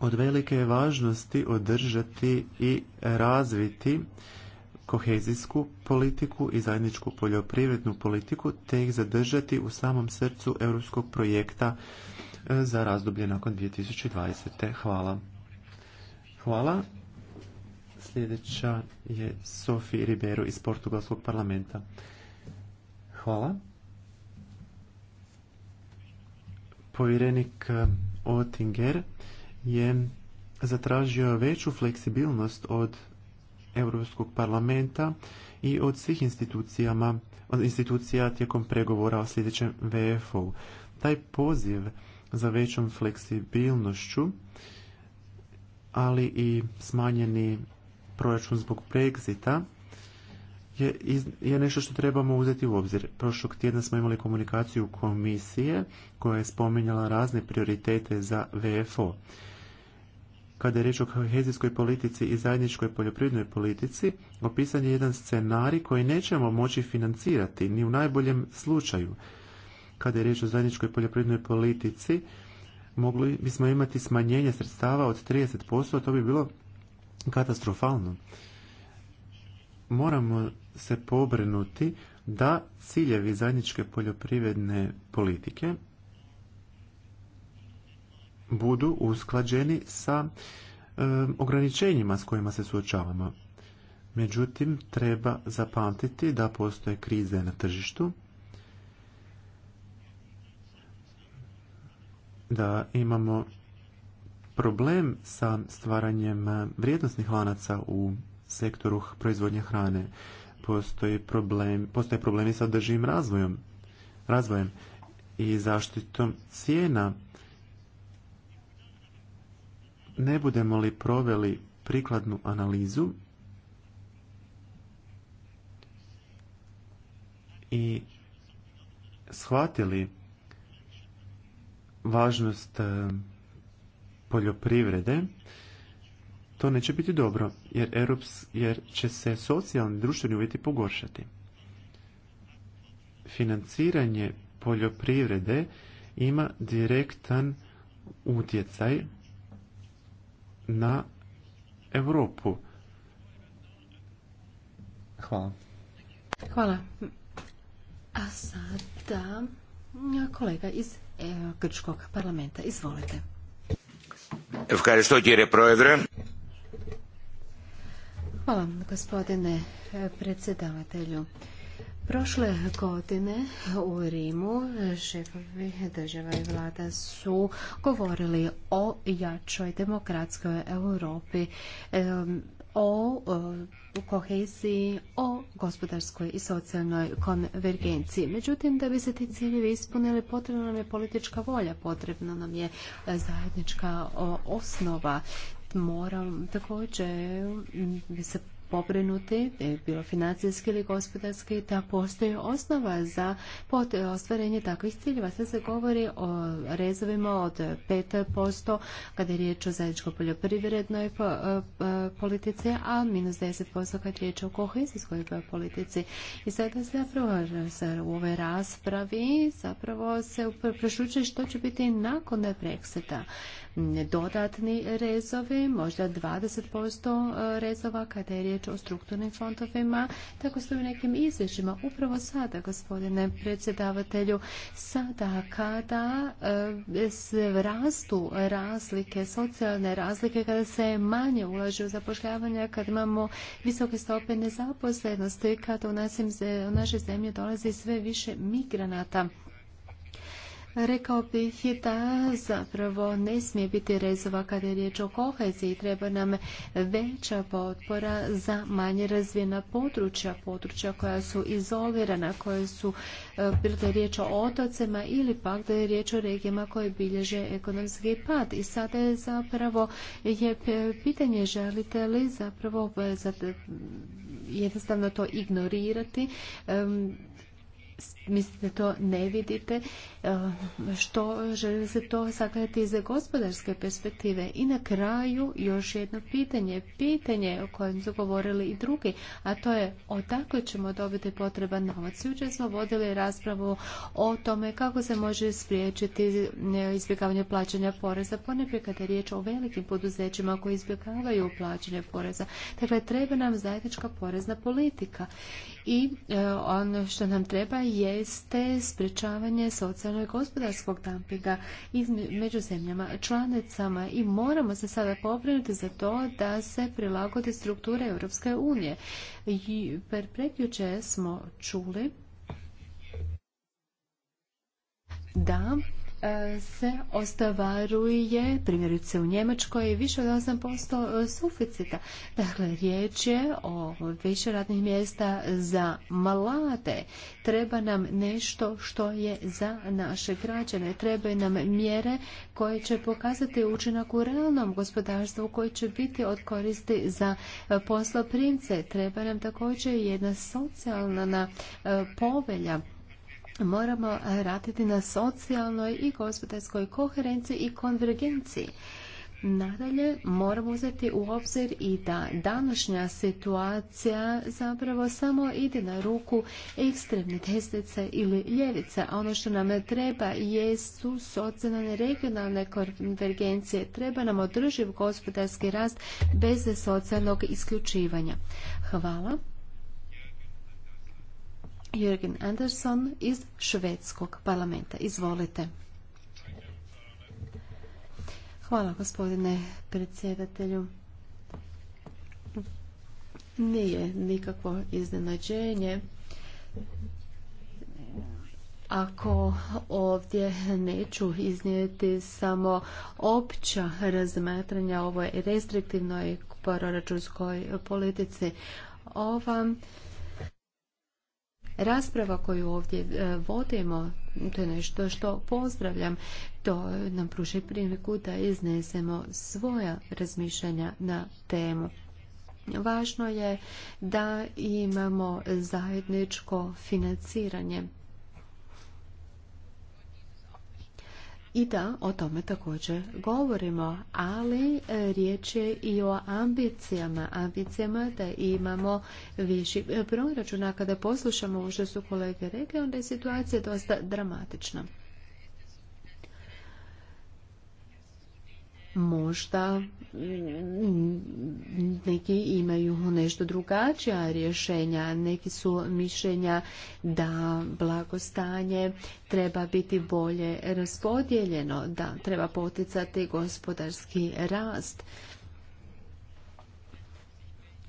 Od velike je važnosti održati i razviti kohezijsku politiku i zajedničku poljoprivrednu politiku te ih zadržati u samom srcu europskog projekta E, za razdoblje nakon 2020. Hvala. Hvala. Sljedeća je Sofi Ribeiro iz Portugalskog parlamenta. Hvala. Povjerenik e, otinger je zatražio veću fleksibilnost od Europskog parlamenta i od svih institucijama, od institucija tijekom pregovora o sljedećem VFO. Taj poziv za većom fleksibilnošću, ali i smanjeni proračun zbog Brexita je, je nešto što trebamo uzeti u obzir. Prošlog tjedna smo imali komunikaciju komisije koja je spominjala razne prioritete za VFO. Kada je riječ o kohezijskoj politici i zajedničkoj poljoprivrednoj politici, opisan je jedan scenarij koji nećemo moći financirati ni u najboljem slučaju kada je riječ o zajedničkoj poljoprivrednoj politici, mogli bismo imati smanjenje sredstava od 30%, a to bi bilo katastrofalno. Moramo se pobrinuti da ciljevi zajedničke poljoprivredne politike budu usklađeni sa ograničenjima s kojima se suočavamo. Međutim, treba zapamtiti da postoje krize na tržištu da imamo problem sa stvaranjem vrijednostnih lanaca u sektoru proizvodnje hrane. Postoje problem, postoje problemi sa održivim razvojom, razvojem i zaštitom cijena. Ne budemo li proveli prikladnu analizu i shvatili važnost e, poljoprivrede, to neće biti dobro, jer, Europs, jer će se socijalni društveni uvjeti pogoršati. Financiranje poljoprivrede ima direktan utjecaj na Europu. Hvala. Hvala. A sada Kolega iz e, Grčkog parlamenta, izvolite. Hvala gospodine e, predsjedavatelju. Prošle godine u Rimu šefovi država i vlada su govorili o jačoj demokratskoj Europi o koheziji, o gospodarskoj i socijalnoj konvergenciji. Međutim, da bi se ti ciljevi ispunili, potrebna nam je politička volja, potrebna nam je e, zajednička osnova moram također bi se pobrinuti, bilo financijski ili gospodarski, da postoji osnova za ostvarenje takvih ciljeva. Sada se govori o rezovima od 5% kada je riječ o zajedničkoj poljoprivrednoj e, e, politici, a minus 10% kada je riječ o kohezijskoj politici. I sada se zapravo u ovoj raspravi zapravo se prešućuje što će biti nakon Brexita dodatni rezovi, možda 20% e, rezova kada je riječ o strukturnim fondovima. Tako su u nekim izvješćima. Upravo sada, gospodine predsjedavatelju, sada kada e, rastu razlike, socijalne razlike, kada se manje ulaže u zapošljavanje, kad imamo visoke stope nezaposlenosti, kada u, našoj zemlji dolazi sve više migranata Rekao bih da zapravo ne smije biti rezova kada je riječ o koheziji. Treba nam veća potpora za manje razvijena područja, područja koja su izolirana, koje su, e, bilo da je riječ o otocima ili pak da je riječ o regijama koje bilježe ekonomski pad. I sada je zapravo je e, pitanje želite li zapravo jednostavno to ignorirati, mislite to ne vidite, eh, što želi se to sagledati iz gospodarske perspektive. I na kraju još jedno pitanje, pitanje o kojem su govorili i drugi, a to je odakle ćemo dobiti potreban novac. Jučer smo vodili raspravu o tome kako se može spriječiti eh, izbjegavanje plaćanja poreza, ponekad kada je riječ o velikim poduzećima koji izbjegavaju plaćanje poreza. Dakle, treba nam zajednička porezna politika i eh, ono što nam treba jeste sprječavanje socijalnog i gospodarskog tampinga među zemljama članicama i moramo se sada pobrinuti za to da se prilagode strukture Europske unije. I prekjuče smo čuli da E, se ostvaruje, primjerice u Njemačkoj, više od 8% e, suficita. Dakle, riječ je o više radnih mjesta za mlade. Treba nam nešto što je za naše građane. Treba nam mjere koje će pokazati učinak u realnom gospodarstvu koji će biti od koristi za e, posloprimce. Treba nam također jedna socijalna povelja moramo raditi na socijalnoj i gospodarskoj koherenciji i konvergenciji. Nadalje, moramo uzeti u obzir i da današnja situacija zapravo samo ide na ruku ekstremne desnice ili ljevice, a ono što nam treba jesu socijalne regionalne konvergencije. Treba nam održiv gospodarski rast bez socijalnog isključivanja. Hvala. Jürgen Andersson iz Švedskog parlamenta. Izvolite. Hvala gospodine predsjedatelju. Nije nikakvo iznenađenje ako ovdje neću iznijeti samo opća razmatranja ovoj restriktivnoj proračunskoj politici. Ova Rasprava koju ovdje e, vodimo, to je nešto što pozdravljam, to nam pruži priliku da iznesemo svoja razmišljanja na temu. Važno je da imamo zajedničko financiranje I da, o tome također govorimo, ali e, riječ je i o ambicijama, ambicijama da imamo viši proračuna. Kada poslušamo ovo što su kolege rekli, onda je situacija dosta dramatična. možda neki imaju nešto drugačija rješenja, neki su mišljenja da blagostanje treba biti bolje raspodijeljeno, da treba poticati gospodarski rast.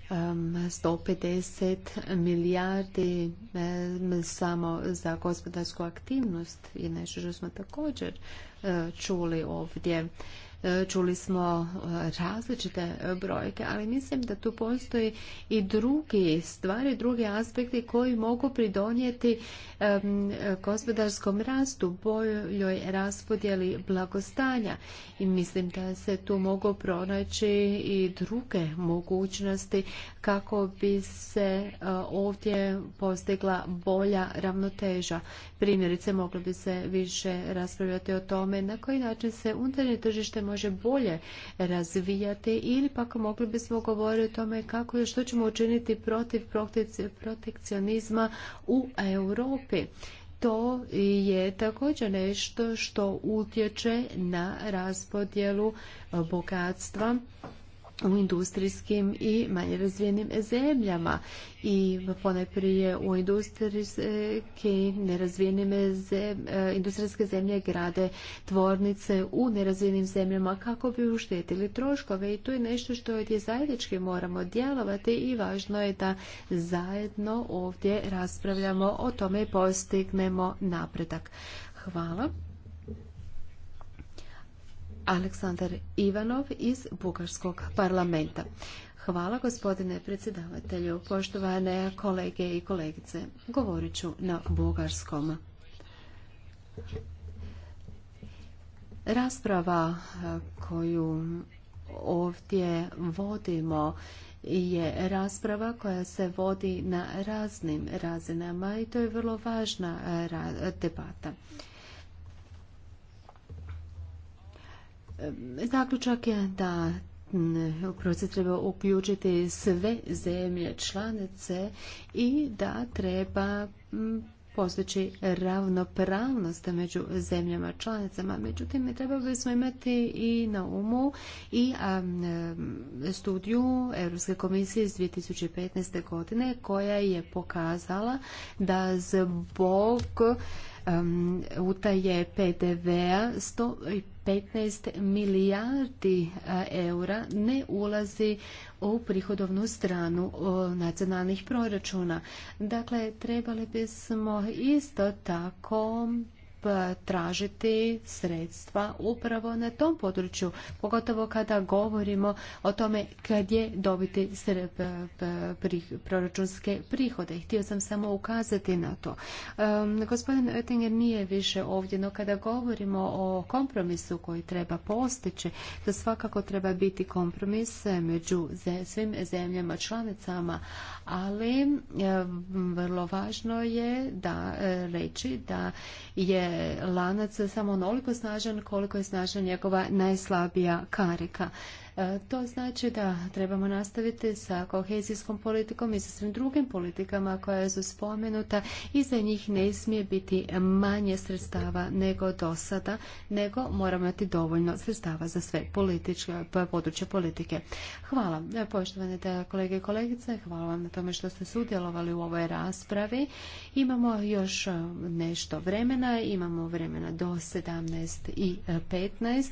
150 milijardi samo za gospodarsku aktivnost je nešto što smo također e, čuli ovdje. E, čuli smo e, različite e, brojke, ali mislim da tu postoji i drugi stvari, drugi aspekti koji mogu pridonijeti gospodarskom rastu, boljoj raspodjeli blagostanja. I mislim da se tu mogu pronaći i druge mogućnosti kako bi se ovdje postigla bolja ravnoteža. Primjerice, moglo bi se više raspravljati o tome na koji način se unutarnje tržište može može bolje razvijati ili pak mogli bismo govoriti o tome kako što ćemo učiniti protiv protekcionizma u Europi to je također nešto što utječe na raspodjelu bogatstva u industrijskim i manje razvijenim zemljama i ponajprije u industrijske nerazvijenim e, industrijske zemlje grade tvornice u nerazvijenim zemljama kako bi uštetili troškove i to je nešto što je zajednički moramo djelovati i važno je da zajedno ovdje raspravljamo o tome i postignemo napredak. Hvala. Aleksandar Ivanov iz Bugarskog parlamenta. Hvala gospodine predsjedavatelju, poštovane kolege i kolegice. Govorit ću na bugarskom. Rasprava koju ovdje vodimo je rasprava koja se vodi na raznim razinama i to je vrlo važna debata. Zaključak je da mm, u proces treba uključiti sve zemlje članice i da treba mm, postići ravnopravnost među zemljama članicama. Međutim, trebali bismo imati i na umu i studiju Europske komisije iz 2015. godine koja je pokazala da zbog utaje PDV-a 15 milijardi e, eura ne ulazi u prihodovnu stranu nacionalnih proračuna. Dakle, trebali bismo isto tako E, tražiti sredstva upravo na tom području, pogotovo kada govorimo o tome kad je dobiti e, e, proračunske prihode. Htio sam samo ukazati na to. gospodin Oettinger nije više ovdje, no kada govorimo o kompromisu koji treba postići, to svakako treba biti kompromis među svim zemljama članicama, ali vrlo važno je da reći da je je lanac samo onoliko snažan koliko je snažan njegova najslabija karika. E, to znači da trebamo nastaviti sa kohezijskom politikom i sa svim drugim politikama koja su spomenuta i za njih ne smije biti manje sredstava nego do sada, nego moramo imati dovoljno sredstava za sve političke, pa područje politike. Hvala, e, poštovane kolege i kolegice, hvala vam na tome što ste sudjelovali u ovoj raspravi. Imamo još e, nešto vremena, imamo vremena do 17 i 15,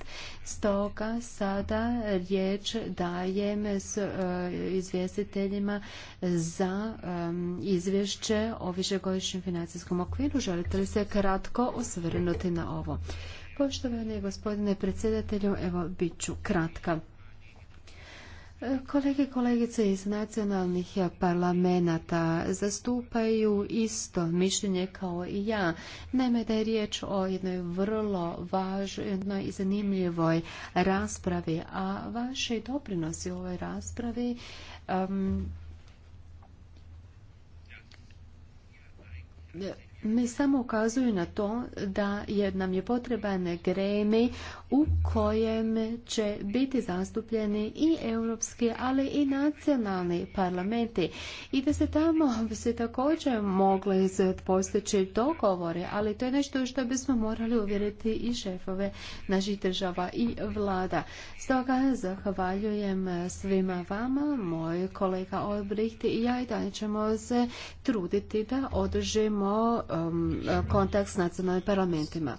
stoga sada riječ dajem s e, izvjestiteljima za izvješće o višegodišnjem financijskom okviru. Želite li se kratko osvrnuti na ovo? Poštovani gospodine predsjedatelju, evo bit ću kratka. Kolege i kolegice iz nacionalnih parlamenta zastupaju isto mišljenje kao i ja. Naime, da je riječ o jednoj vrlo važnoj i zanimljivoj raspravi, a vaše doprinosi u ovoj raspravi um, mi samo ukazuju na to da je, nam je potreban gremi u kojem će biti zastupljeni i europski, ali i nacionalni parlamenti i da se tamo bi se također mogli postići dogovore, ali to je nešto što bismo morali uvjeriti i šefove naših država i vlada. Stoga zahvaljujem svima vama, moj kolega Olbricht i ja i dalje ćemo se truditi da održimo um, kontakt s nacionalnim parlamentima.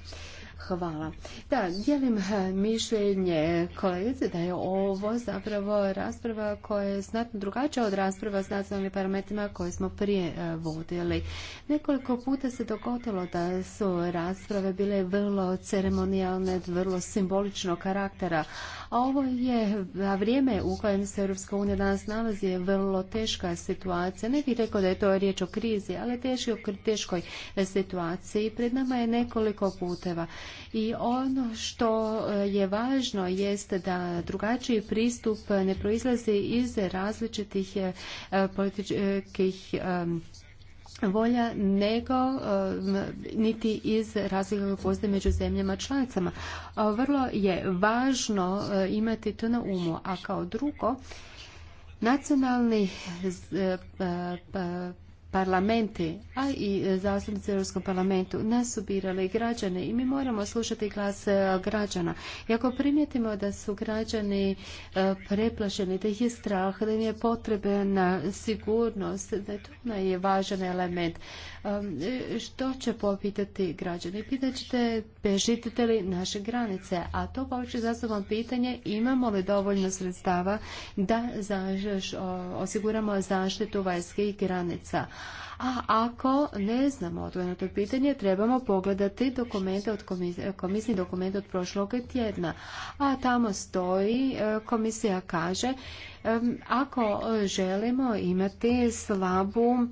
Hvala. Da, dijelim eh, mišljenje kolegice da je ovo zapravo rasprava koja je znatno drugačija od rasprava s nacionalnim parametrima koje smo prije eh, vodili. Nekoliko puta se dogodilo da su rasprave bile vrlo ceremonijalne, vrlo simboličnog karaktera, a ovo je vrijeme u kojem se EU danas nalazi je vrlo teška situacija. Ne bih rekao da je to riječ o krizi, ali teško, teškoj situaciji. Pred nama je nekoliko puteva. I ono što e, je važno jest da drugačiji pristup ne proizlazi iz različitih e, političkih e, volja nego niti iz razlika koje među zemljama članicama. Vrlo je važno imati to na umu. A kao drugo, nacionalni pa, parlamenti, a i e, zastupnici u Europskom parlamentu nas su birali građane i mi moramo slušati glas e, građana. I ako primijetimo da su građani e, preplašeni, da ih je strah, da im je potrebna sigurnost, da je to najvažan element. Što će popitati građani? Pitaćete bežitite li naše granice, a to povlači za sobom pitanje imamo li dovoljno sredstava da osiguramo zaštitu vanjskih granica a ako ne znamo odgovor na to pitanje, trebamo pogledati dokumente od komisije, komisni dokument od prošlog tjedna. A tamo stoji, e, komisija kaže, ako želimo imati slabu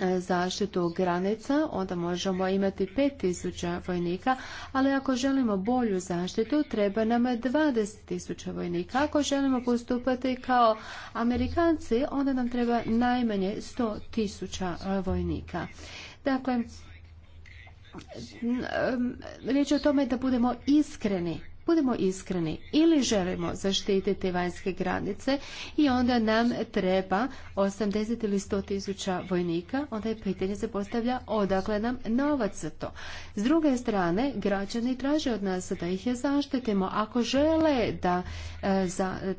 zaštitu granica, onda možemo imati 5000 vojnika, ali ako želimo bolju zaštitu, treba nam 20.000 vojnika. Ako želimo postupati kao Amerikanci, onda nam treba najmanje 100.000 e, vojnika. Dakle, e, riječ je o tome da budemo iskreni Budemo iskreni, ili želimo zaštititi vanjske granice i onda nam treba 80 ili 100 tisuća vojnika, onda je pitanje se postavlja odakle nam novac za to. S druge strane, građani traže od nas da ih je zaštitimo. Ako žele da, e,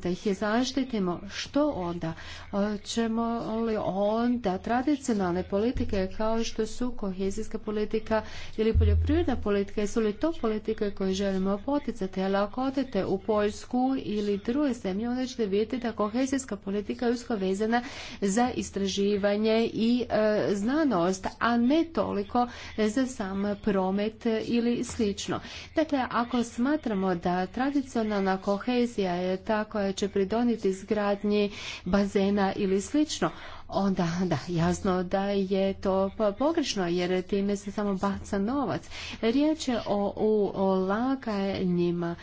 da ih je zaštitimo, što onda? Hoćemo e, li onda tradicionalne politike kao što su kohezijska politika ili poljoprivredna politika, jesu li to politike koje želimo poticati? ali ako odete u Poljsku ili druge zemlje, onda ćete vidjeti da kohezijska politika je usko vezana za istraživanje i e, znanost, a ne toliko za sam promet ili slično. Dakle, ako smatramo da tradicionalna kohezija je ta koja će pridoniti izgradnji bazena ili slično, onda da, jasno da je to pogrešno jer time se samo baca novac. Riječ je o ulaganjima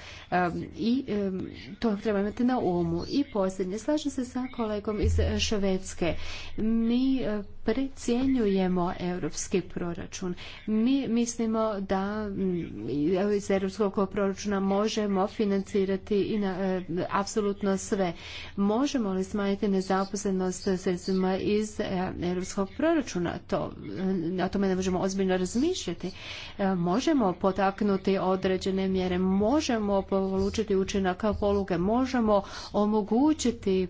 i to treba imati na umu. I posljednje, slažem se sa kolegom iz Švedske. Mi precijenjujemo europski proračun. Mi mislimo da mm, iz europskog proračuna možemo financirati i na, e, apsolutno sve. Možemo li smanjiti nezaposlenost sredstvima iz e, europskog proračuna? To, na e, tome ne možemo ozbiljno razmišljati. možemo potaknuti određene mjere, možemo polučiti učinak poluge, možemo omogućiti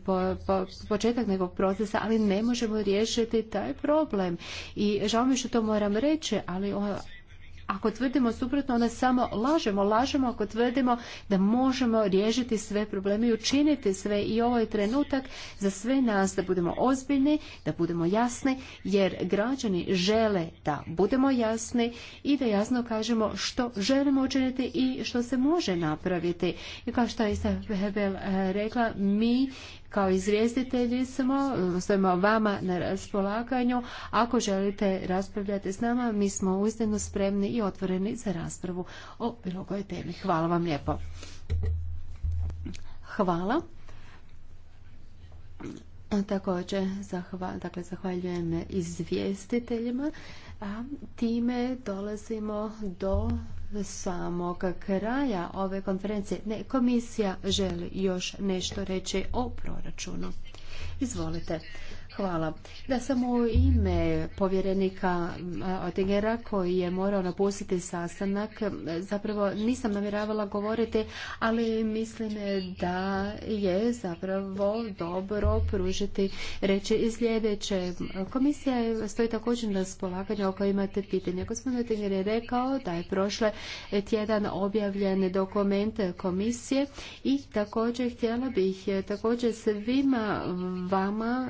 početak nekog procesa, ali ne možemo riješiti taj problem. I žao mi što to moram reći, ali ako tvrdimo suprotno, onda samo lažemo, lažemo ako tvrdimo da možemo riješiti sve probleme i učiniti sve i ovaj trenutak za sve nas da budemo ozbiljni, da budemo jasni, jer građani žele da budemo jasni i da jasno kažemo što želimo učiniti i što se može napraviti. I kao što je eh, rekla, mi kao izvjestitelji smo, stojimo vama na raspolaganju. Ako želite raspravljati s nama, mi smo uistinu spremni i otvoreni za raspravu o bilo kojoj temi. Hvala vam lijepo. Hvala. Također, dakle, zahvaljujem izvjestiteljima. A time dolazimo do samog kraja ove konferencije. Ne, komisija želi još nešto reći o proračunu. Izvolite. Hvala. Da samo u ime povjerenika Otingera koji je morao napustiti sastanak, zapravo nisam namjeravala govoriti, ali mislim da je zapravo dobro pružiti reći i sljedeće. Komisija stoji također na raspolaganju ako imate pitanje. Gospodin Otinger je rekao da je prošle tjedan objavljen dokument komisije i također htjela bih također svima vama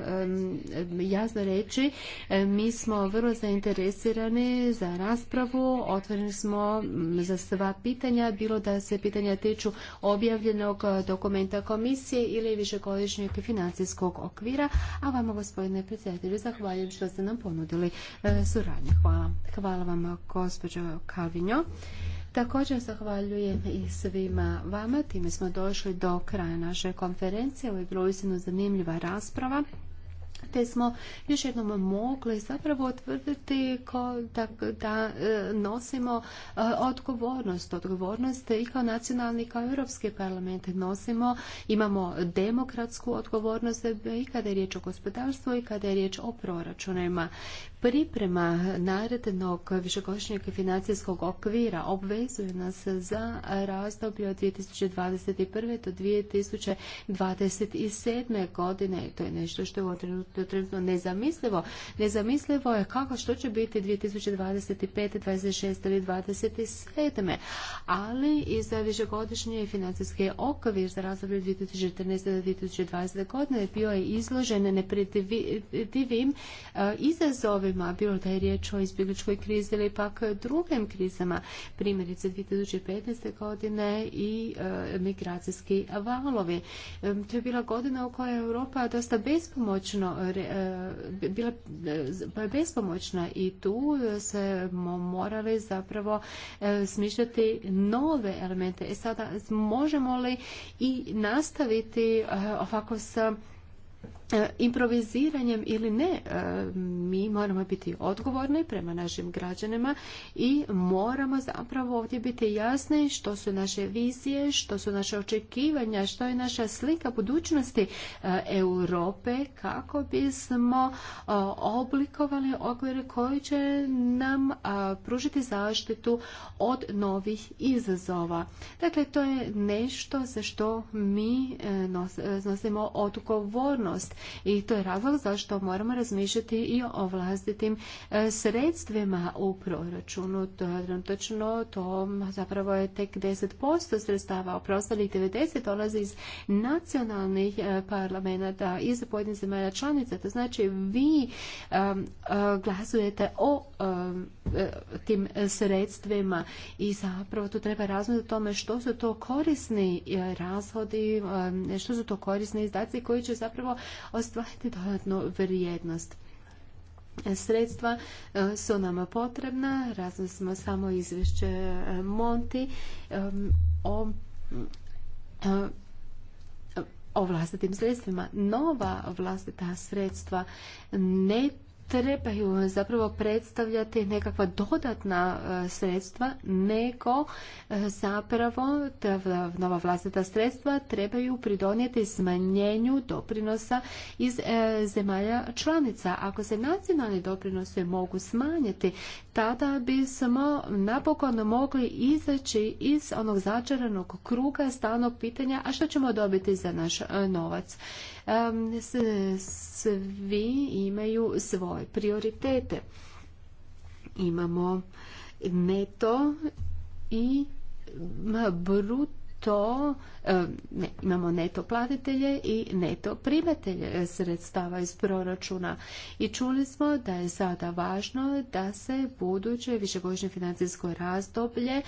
jasno reći, mi smo vrlo zainteresirani za raspravu, otvoreni smo za sva pitanja, bilo da se pitanja tiču objavljenog eh, dokumenta komisije ili višegodišnjeg financijskog okvira, a vama gospodine predsjedatelju zahvaljujem što ste nam ponudili eh, suradnju. Hvala. Hvala vam gospođo Kalvinjo. Također zahvaljujem i svima vama. Time smo došli do kraja naše konferencije. Ovo je bilo uistinu zanimljiva rasprava te smo još jednom mogli zapravo otvrditi da, da e, nosimo e, odgovornost. Odgovornost i kao nacionalni i kao europski parlament nosimo. Imamo demokratsku odgovornost i kada je riječ o gospodarstvu i kada je riječ o proračunima. Priprema narednog višegodišnjeg financijskog okvira obvezuje nas za razdoblje od 2021. do 2027. godine. To je nešto što je trenutno nezamislivo. Nezamislivo je kako što će biti 2025., 2026. ili 2027. Ali i za višegodišnji financijski okvir za razdoblje 2014. do 2020. godine bio je izložen nepredivim e, izazove izazovima, bilo da je riječ o izbjegličkoj krizi ili pak drugim krizama, primjerice 2015. godine i e, migracijski valovi. E, to je bila godina u kojoj je Europa dosta bespomoćno e, bila pa bespomoćna i tu se morali zapravo smišljati nove elemente. E sada možemo li i nastaviti ovako sa E, improviziranjem ili ne, e, mi moramo biti odgovorni prema našim građanima i moramo zapravo ovdje biti jasni što su naše vizije, što su naše očekivanja, što je naša slika budućnosti e, Europe kako bismo oblikovali okvire koji će nam pružiti zaštitu od novih izazova. Dakle, to je nešto za što mi nosimo odgovornost i to je razlog zašto moramo razmišljati i o vlastitim e, sredstvima u proračunu. Točno to zapravo je tek 10% sredstava, a preostalih 90 dolazi iz nacionalnih e, parlamenta, iz pojedinih zemalja članica. To znači vi e, glasujete o tim sredstvima i zapravo tu treba razmisliti o tome što su to korisni razhodi, što su to korisni izdaci koji će zapravo ostvariti dodatnu vrijednost. Sredstva e, su nama potrebna, razno smo samo izvješće e, Monti e, o o vlastitim sredstvima. Nova vlastita sredstva ne trebaju zapravo predstavljati nekakva dodatna e, sredstva, nego e, zapravo nova vlastita sredstva trebaju pridonijeti smanjenju doprinosa iz e, zemalja članica. Ako se nacionalni doprinose mogu smanjiti, tada bismo napokon mogli izaći iz onog začaranog kruga stanog pitanja, a što ćemo dobiti za naš novac svi imaju svoje prioritete. Imamo neto i bruto imamo neto platitelje i neto primatelje sredstava iz proračuna. I čuli smo da je sada važno da se buduće višegodišnje financijsko razdoblje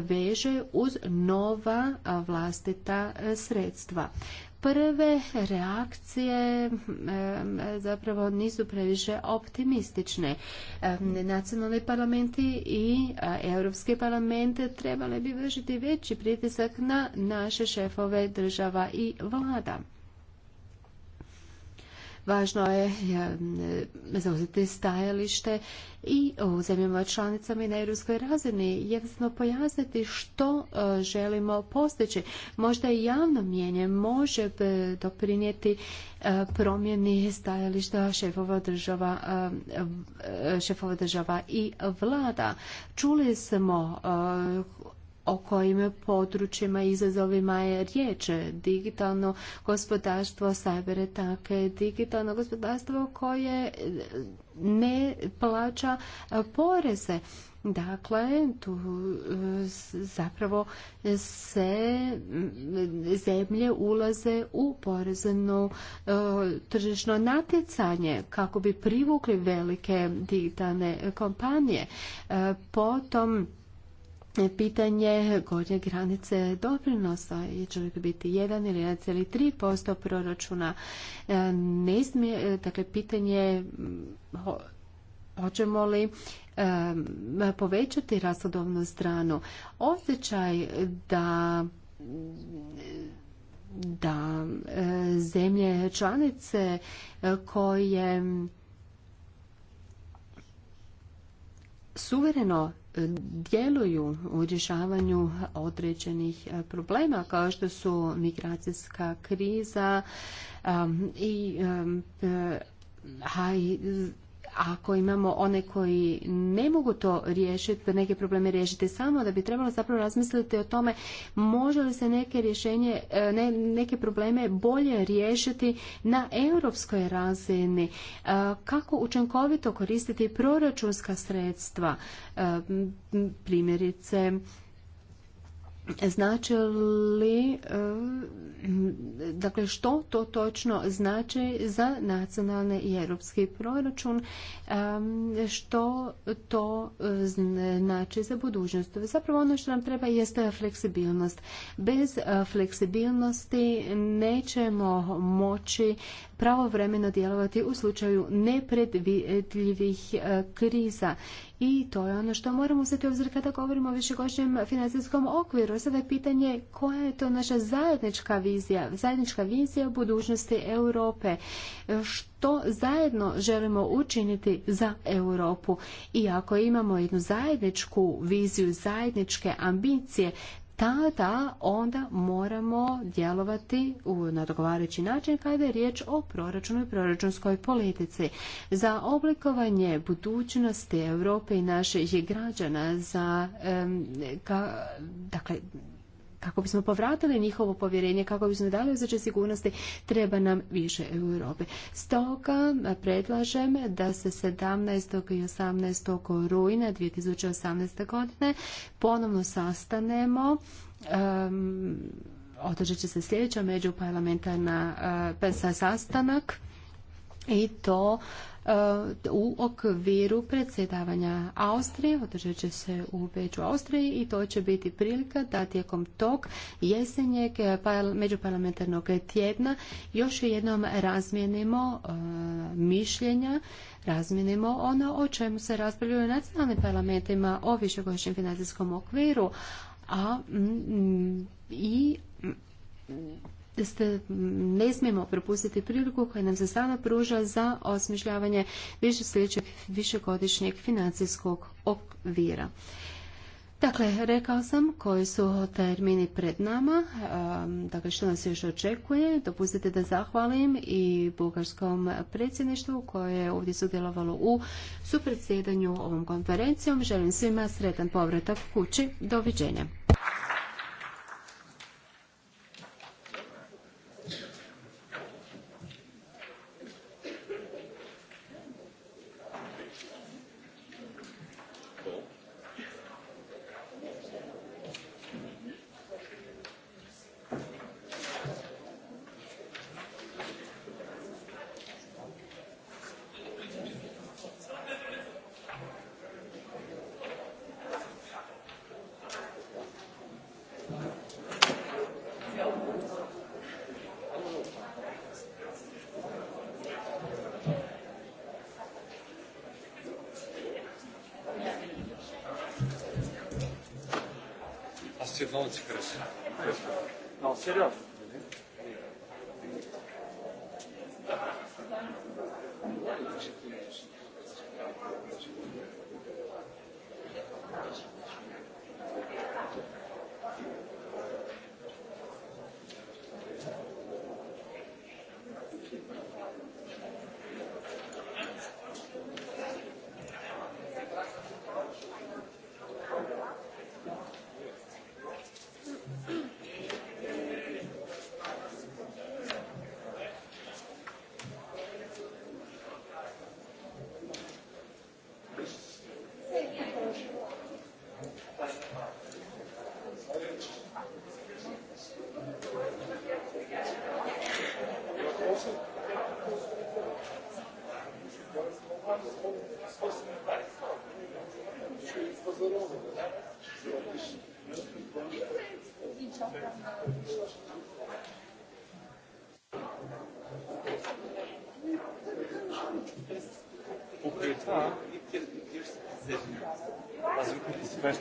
veže uz nova vlastita e, sredstva prve reakcije zapravo nisu previše optimistične. Nacionalni parlamenti i Europski parlament trebali bi vršiti veći pritisak na naše šefove država i vlada. Važno je zauzeti stajalište i u zemljama članicama i na europskoj razini, jednostavno pojasniti što e, želimo postići. Možda i javno mijenje može e, doprinijeti e, promjeni stajališta šefova država, šefova država i vlada. Čuli smo o kojim područjima i izazovima je riječ. Digitalno gospodarstvo, cyber digitalno gospodarstvo koje ne plaća poreze. Dakle, tu zapravo se zemlje ulaze u porezno e, tržišno natjecanje kako bi privukli velike digitalne kompanije. E, potom pitanje gornje granice doprinosa će li to biti 1 ili 1,3% proračuna e, ne smije, e, dakle pitanje mm, hoćemo li e, povećati rashodovnu stranu osjećaj da da zemlje članice koje suvereno djeluju u rješavanju određenih e, problema kao što su migracijska kriza i e, i ako imamo one koji ne mogu to riješiti, neke probleme riješiti samo, da bi trebalo zapravo razmisliti o tome može li se neke rješenje, e, ne, neke probleme bolje riješiti na europskoj razini, e, kako učinkovito koristiti proračunska sredstva, e, primjerice znači li, e, dakle što to točno znači za nacionalni i europski proračun, e, što to znači za budućnost. Zapravo ono što nam treba jeste fleksibilnost. Bez e, fleksibilnosti nećemo moći pravovremeno djelovati u slučaju nepredvidljivih e, kriza. I to je ono što moramo uzeti u obzir kada govorimo o višegodišnjem financijskom okviru. Sada je pitanje koja je to naša zajednička vizija, zajednička vizija budućnosti Europe. Što zajedno želimo učiniti za Europu? I ako imamo jednu zajedničku viziju, zajedničke ambicije, tada onda moramo djelovati u nadogovarajući način kada je riječ o proračunu i proračunskoj politici. Za oblikovanje budućnosti Europe i naših građana, za, dakle, kako bismo povratili njihovo povjerenje, kako bismo dali osjećaj sigurnosti, treba nam više Europe. Stoga predlažem da se 17. i 18. rujna 2018. godine ponovno sastanemo um, će se sljedeća međuparlamentarna uh, sastanak i to e, u okviru predsjedavanja Austrije, održat će se u Beću Austriji i to će biti prilika da tijekom tog jesenjeg međuparlamentarnog tjedna još jednom razmijenimo e, mišljenja razmijenimo ono o čemu se raspravljaju nacionalnim parlamentima o višegodišnjem financijskom okviru, a i ne smijemo propustiti priliku koja nam se sada pruža za osmišljavanje više sljedećeg višegodišnjeg financijskog okvira. Dakle, rekao sam koji su termini pred nama, um, dakle što nas još očekuje. Dopustite da zahvalim i bugarskom predsjedništvu koje je ovdje sudjelovalo u supredsjedanju ovom konferencijom. Želim svima sretan povratak kući. Doviđenja. proprietà Mas